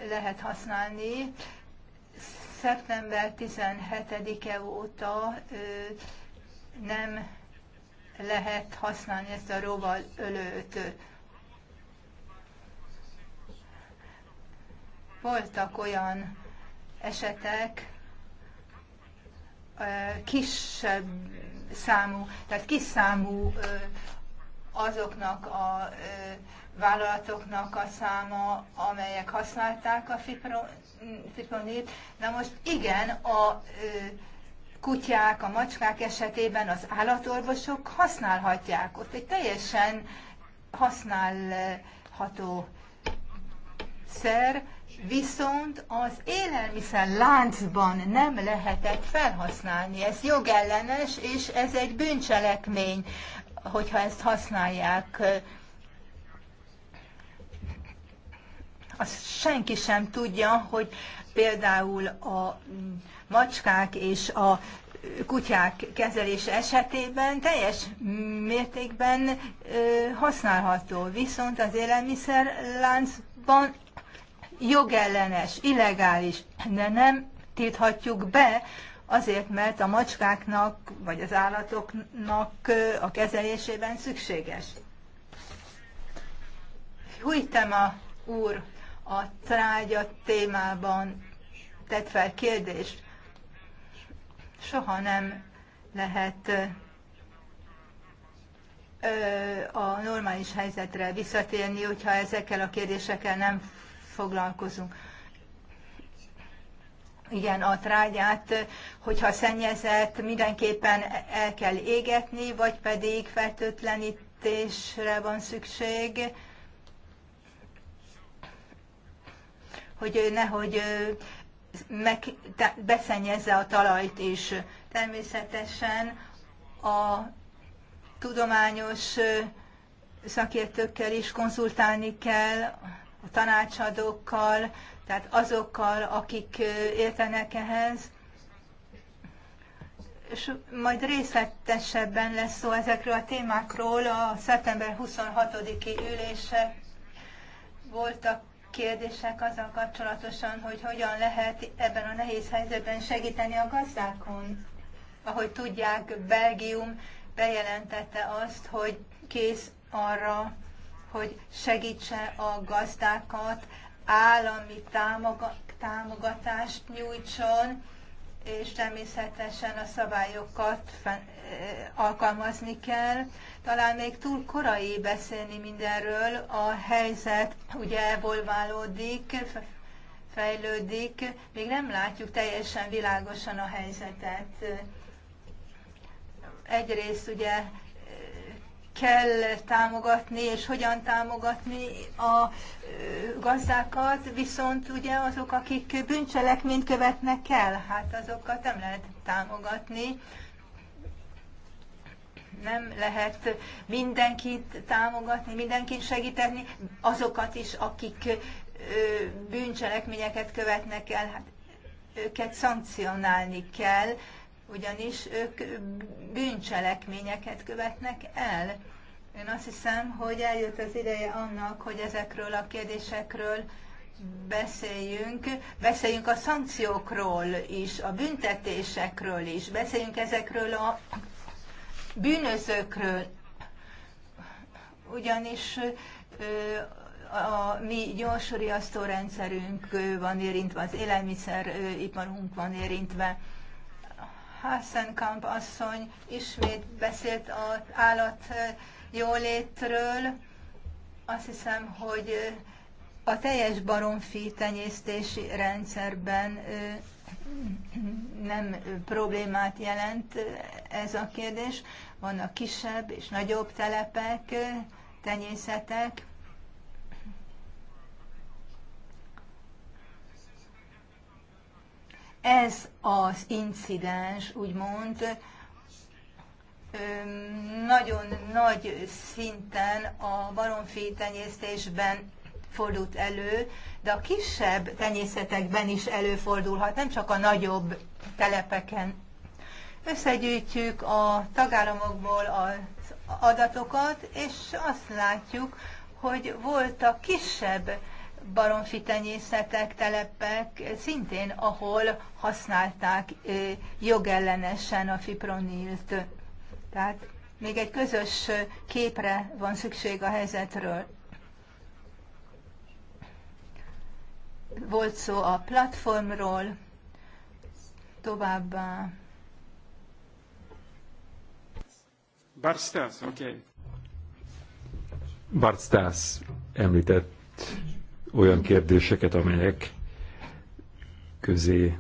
Speaker 1: lehet használni Szeptember 17-e óta nem lehet használni ezt a roval ölőt. Voltak olyan esetek, kisebb számú, tehát kis számú azoknak a vállalatoknak a száma, amelyek használták a fipronit. Na most igen, a kutyák, a macskák esetében az állatorvosok használhatják. Ott egy teljesen használható szer, viszont az élelmiszer láncban nem lehetett felhasználni. Ez jogellenes, és ez egy bűncselekmény hogyha ezt használják. Azt senki sem tudja, hogy például a macskák és a kutyák kezelése esetében teljes mértékben használható, viszont az élelmiszerláncban jogellenes, illegális, de nem tilthatjuk be azért, mert a macskáknak vagy az állatoknak a kezelésében szükséges. a úr a trágya témában tett fel kérdést. Soha nem lehet a normális helyzetre visszatérni, hogyha ezekkel a kérdésekkel nem foglalkozunk igen, a trágyát, hogyha szennyezett, mindenképpen el kell égetni, vagy pedig fertőtlenítésre van szükség, hogy nehogy meg, beszennyezze a talajt is. Természetesen a tudományos szakértőkkel is konzultálni kell, a tanácsadókkal, tehát azokkal, akik értenek ehhez, és majd részletesebben lesz szó ezekről a témákról a szeptember 26-i ülése. Voltak kérdések azzal kapcsolatosan, hogy hogyan lehet ebben a nehéz helyzetben segíteni a gazdákon. Ahogy tudják, Belgium bejelentette azt, hogy kész arra, hogy segítse a gazdákat állami támogatást nyújtson, és természetesen a szabályokat eh, alkalmazni kell. Talán még túl korai beszélni mindenről, a helyzet ugye evolválódik, fejlődik, még nem látjuk teljesen világosan a helyzetet. Egyrészt ugye kell támogatni, és hogyan támogatni a gazdákat, viszont ugye azok, akik bűncselekményt követnek el, hát azokat nem lehet támogatni. Nem lehet mindenkit támogatni, mindenkit segíteni, azokat is, akik bűncselekményeket követnek el, hát őket szankcionálni kell, ugyanis ők bűncselekményeket követnek el. Én azt hiszem, hogy eljött az ideje annak, hogy ezekről a kérdésekről beszéljünk, beszéljünk a szankciókról is, a büntetésekről is, beszéljünk ezekről a bűnözőkről, ugyanis a mi gyors rendszerünk van érintve, az élelmiszeriparunk van érintve, Hassenkamp asszony ismét beszélt az állat jólétről. Azt hiszem, hogy a teljes baromfi tenyésztési rendszerben nem problémát jelent ez a kérdés. Vannak kisebb és nagyobb telepek, tenyészetek, ez az incidens, úgymond, nagyon nagy szinten a baromfi tenyésztésben fordult elő, de a kisebb tenyészetekben is előfordulhat, nem csak a nagyobb telepeken. Összegyűjtjük a tagállamokból az adatokat, és azt látjuk, hogy voltak kisebb baromfitenyészetek, telepek szintén, ahol használták jogellenesen a fipronilt. Tehát még egy közös képre van szükség a helyzetről. Volt szó a platformról, továbbá.
Speaker 2: Bart Stas, oké. Okay. Bart Stas említett olyan kérdéseket, amelyek közé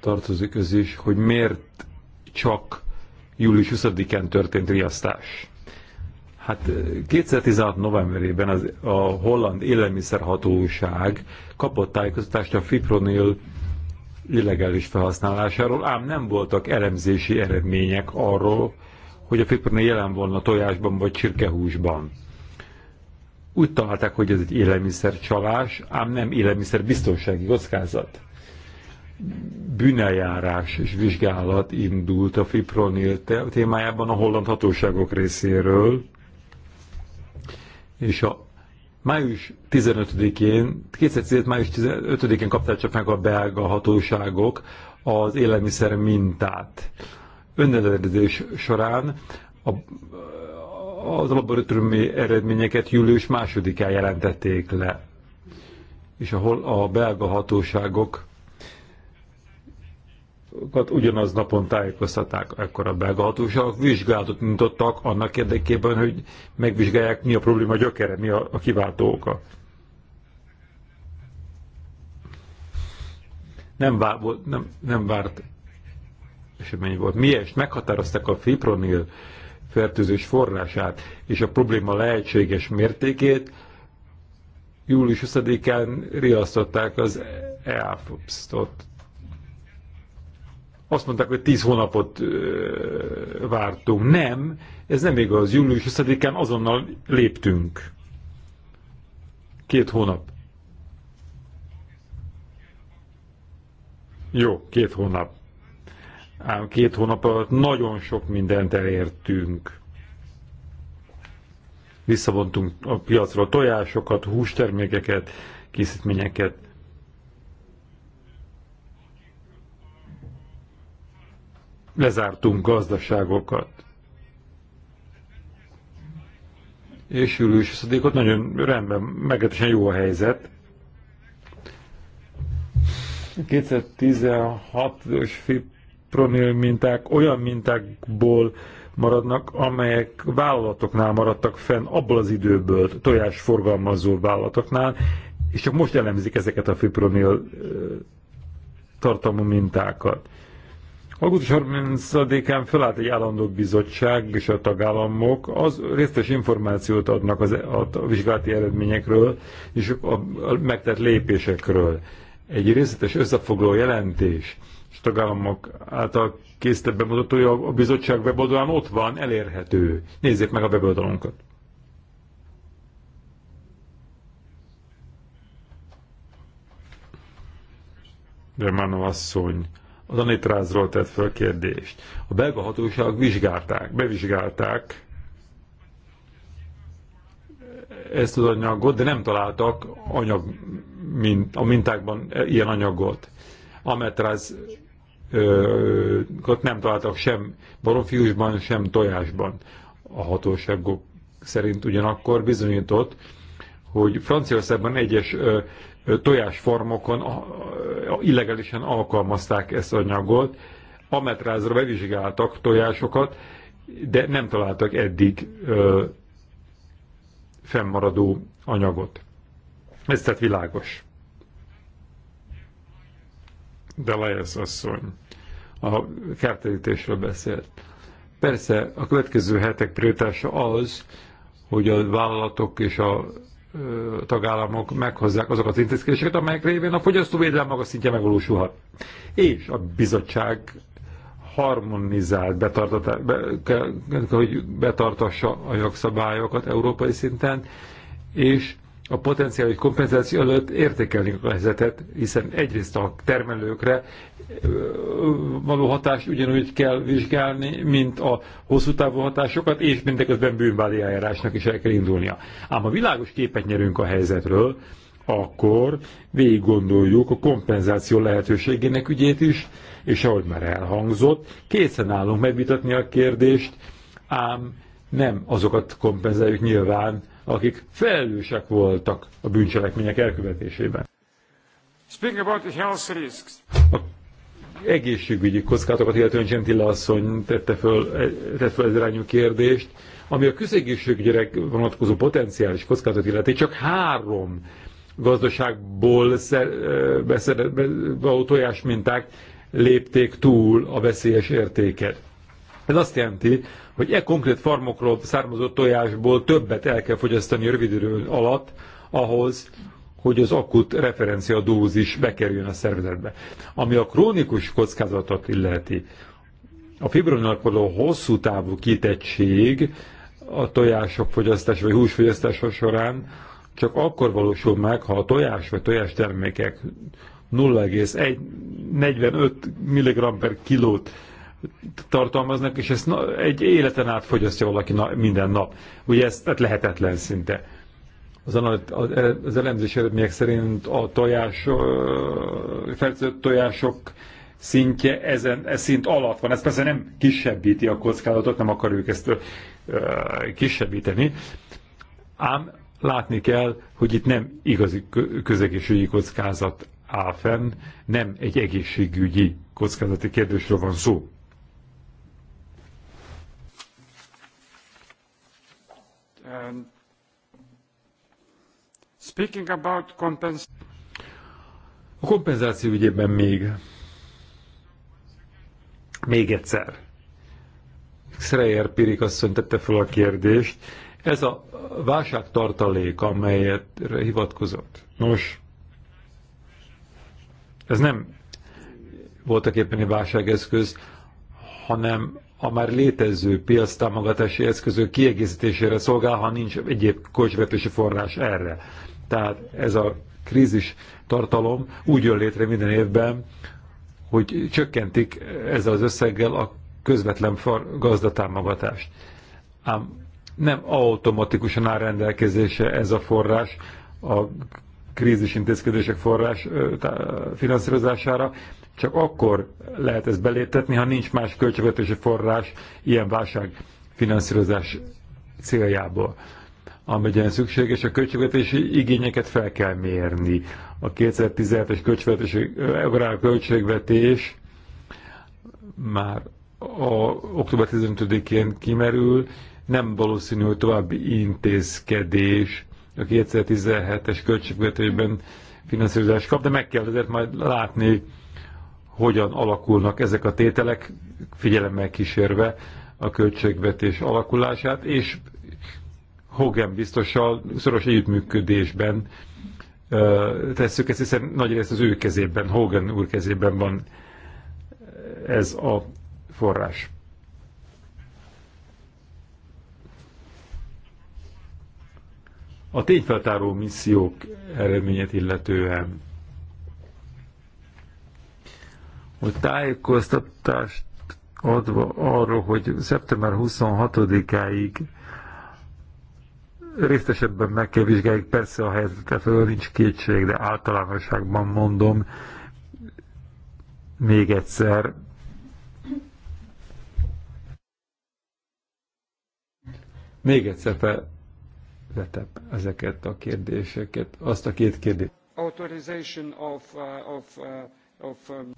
Speaker 2: tartozik az is, hogy miért csak július 20-án történt riasztás. Hát 2016 eh, novemberében az, a holland élelmiszerhatóság kapott tájékoztatást a fipronil illegális felhasználásáról, ám nem voltak elemzési eredmények arról, hogy a fipronil jelen volna tojásban vagy csirkehúsban úgy találták, hogy ez egy csalás, ám nem élelmiszer biztonsági kockázat. Bűneljárás és vizsgálat indult a fipronil témájában a holland hatóságok részéről, és a május 15-én, 2017. május 15-én kapták csak meg a belga hatóságok az élelmiszer mintát. Önnevezés során a az laboratóriumi eredményeket július másodikán jelentették le, és ahol a belga hatóságok ugyanaz napon tájékoztatták, akkor a belga hatóságok vizsgálatot nyitottak annak érdekében, hogy megvizsgálják, mi a probléma gyökere, mi a, a kiváltó oka. Nem, vár, nem, nem várt esemény volt. Miért? Meghatározták a fipronil fertőzés forrását és a probléma lehetséges mértékét, július 20-án riasztották az eafops ot Azt mondták, hogy 10 hónapot ö, vártunk. Nem, ez nem igaz. Július 20-án azonnal léptünk. Két hónap. Jó, két hónap ám két hónap alatt nagyon sok mindent elértünk. Visszavontunk a piacra tojásokat, hústermékeket, készítményeket. Lezártunk gazdaságokat. És ülős szadékot nagyon rendben, meglehetősen jó a helyzet. 2016-os elektronikai minták olyan mintákból maradnak, amelyek vállalatoknál maradtak fenn, abból az időből, tojásforgalmazó vállalatoknál, és csak most elemzik ezeket a fipronil tartalmú mintákat. Augusztus 30-án felállt egy állandó bizottság és a tagállamok az részletes információt adnak az, a, a vizsgálati eredményekről és a, a megtett lépésekről. Egy részletes összefoglaló jelentés tagállamok által készített bemutatója a bizottság weboldalán ott van, elérhető. Nézzék meg a weboldalunkat. Germano asszony az anitrázról tett föl kérdést. A belga hatóság vizsgálták, bevizsgálták ezt az anyagot, de nem találtak anyag, mint, a mintákban ilyen anyagot. Ametráz ott nem találtak sem baromfiúsban, sem tojásban a hatóságok szerint ugyanakkor bizonyított, hogy Franciaországban egyes tojásformokon illegálisan alkalmazták ezt anyagot, ametrázra bevizsgáltak tojásokat, de nem találtak eddig ö, fennmaradó anyagot. Ez tehát világos. Belajes asszony a kártérítésről beszélt. Persze a következő hetek prétása az, hogy a vállalatok és a tagállamok meghozzák azokat az intézkedéseket, amelyek révén a fogyasztóvédelem magas szintje megvalósulhat. És a bizottság harmonizált betartatá, be, hogy betartassa a jogszabályokat európai szinten, és a potenciális kompenzáció előtt értékelni a helyzetet, hiszen egyrészt a termelőkre való hatást ugyanúgy kell vizsgálni, mint a hosszú távú hatásokat, és mindeközben bűnvádi eljárásnak is el kell indulnia. Ám a világos képet nyerünk a helyzetről, akkor végig gondoljuk a kompenzáció lehetőségének ügyét is, és ahogy már elhangzott, készen állunk megvitatni a kérdést, ám nem azokat kompenzáljuk nyilván, akik felelősek voltak a bűncselekmények elkövetésében. Speaking about the health risks. A egészségügyi kockátokat illetően Gentile asszony tette föl, tett föl ez irányú kérdést, ami a közegészségügyre vonatkozó potenciális kockázatot illeti, csak három gazdaságból tojás tojásminták lépték túl a veszélyes értéket. Ez azt jelenti, hogy e konkrét farmokról származó tojásból többet el kell fogyasztani rövid idő alatt ahhoz, hogy az akut referencia dózis bekerüljön a szervezetbe. Ami a krónikus kockázatot illeti, a fibronnak való hosszú távú kitettség a tojások fogyasztása vagy húsfogyasztása során csak akkor valósul meg, ha a tojás vagy tojástermékek 0,45 mg per kilót tartalmaznak, és ezt egy életen át fogyasztja valaki minden nap. Ugye ez tehát lehetetlen szinte. Az, az, az elemzés eredmények szerint a tojás, felcőtt tojások szintje ezen, ez szint alatt van. Ez persze nem kisebbíti a kockázatot, nem akarjuk ezt kisebbíteni, ám látni kell, hogy itt nem igazi közegészségügyi kockázat áll fenn, nem egy egészségügyi kockázati kérdésről van szó. Speaking about compens a kompenzáció ügyében még még egyszer. Schreier Pirik asszony tette fel a kérdést. Ez a válság tartalék, amelyet hivatkozott. Nos, ez nem voltak éppen egy válságeszköz, hanem a már létező piactámogatási eszközök kiegészítésére szolgál, ha nincs egyéb kocsvetési forrás erre. Tehát ez a krízis tartalom úgy jön létre minden évben, hogy csökkentik ezzel az összeggel a közvetlen gazdatámogatást. Ám nem automatikusan áll rendelkezése ez a forrás, a krízis intézkedések forrás finanszírozására, csak akkor lehet ezt beléptetni, ha nincs más költségvetési forrás ilyen válság finanszírozás céljából amelyen szükséges a költségvetési igényeket fel kell mérni. A 2017-es költségvetési költségvetés már a október 15-én kimerül, nem valószínű, hogy további intézkedés a 2017-es költségvetésben finanszírozást kap, de meg kell azért majd látni, hogyan alakulnak ezek a tételek, figyelemmel kísérve a költségvetés alakulását, és Hogan biztossal szoros együttműködésben tesszük ezt, hiszen nagy részt az ő kezében, Hogan úr kezében van ez a forrás. A tényfeltáró missziók eredményét illetően, hogy tájékoztatást adva arról, hogy szeptember 26-áig részesebben meg kell vizsgáljuk, persze a helyzetet, erről nincs kétség, de általánosságban mondom, még egyszer, még egyszer felvetem ezeket a kérdéseket, azt a két kérdést. Authorization of, uh, of, uh, of, um...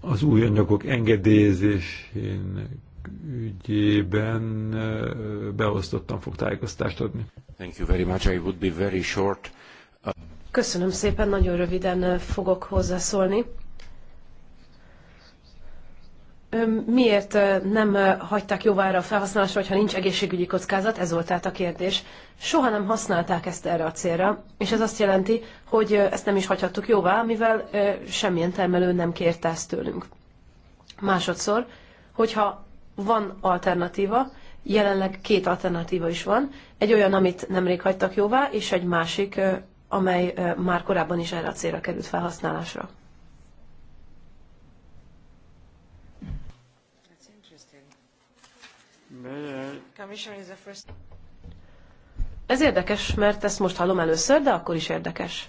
Speaker 2: Az új anyagok engedélyezésének ügyében beosztottan fog tájékoztást adni. Thank you very much. I would be very short.
Speaker 3: Köszönöm szépen, nagyon röviden fogok hozzászólni. Miért nem hagyták jóvára a felhasználásra, ha nincs egészségügyi kockázat? Ez volt tehát a kérdés. Soha nem használták ezt erre a célra, és ez azt jelenti, hogy ezt nem is hagyhattuk jóvá, mivel semmilyen termelő nem kérte ezt tőlünk. Másodszor, hogyha van alternatíva, jelenleg két alternatíva is van. Egy olyan, amit nemrég hagytak jóvá, és egy másik, amely már korábban is erre a célra került felhasználásra. Ez érdekes, mert ezt most hallom először, de akkor is érdekes.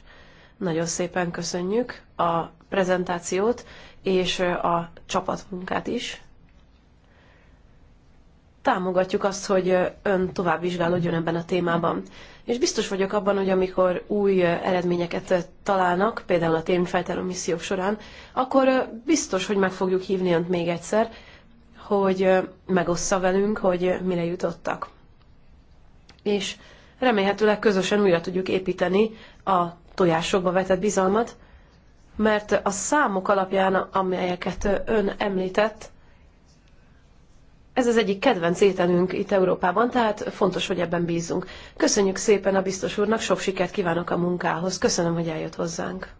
Speaker 3: Nagyon szépen köszönjük a prezentációt és a csapatmunkát is támogatjuk azt, hogy ön tovább vizsgálódjon ebben a témában. És biztos vagyok abban, hogy amikor új eredményeket találnak, például a térmifejtelő missziók során, akkor biztos, hogy meg fogjuk hívni önt még egyszer, hogy megossza velünk, hogy mire jutottak. És remélhetőleg közösen újra tudjuk építeni a tojásokba vetett bizalmat, mert a számok alapján, amelyeket ön említett, ez az egyik kedvenc ételünk itt Európában, tehát fontos, hogy ebben bízunk. Köszönjük szépen a biztos úrnak, sok sikert kívánok a munkához. Köszönöm, hogy eljött hozzánk.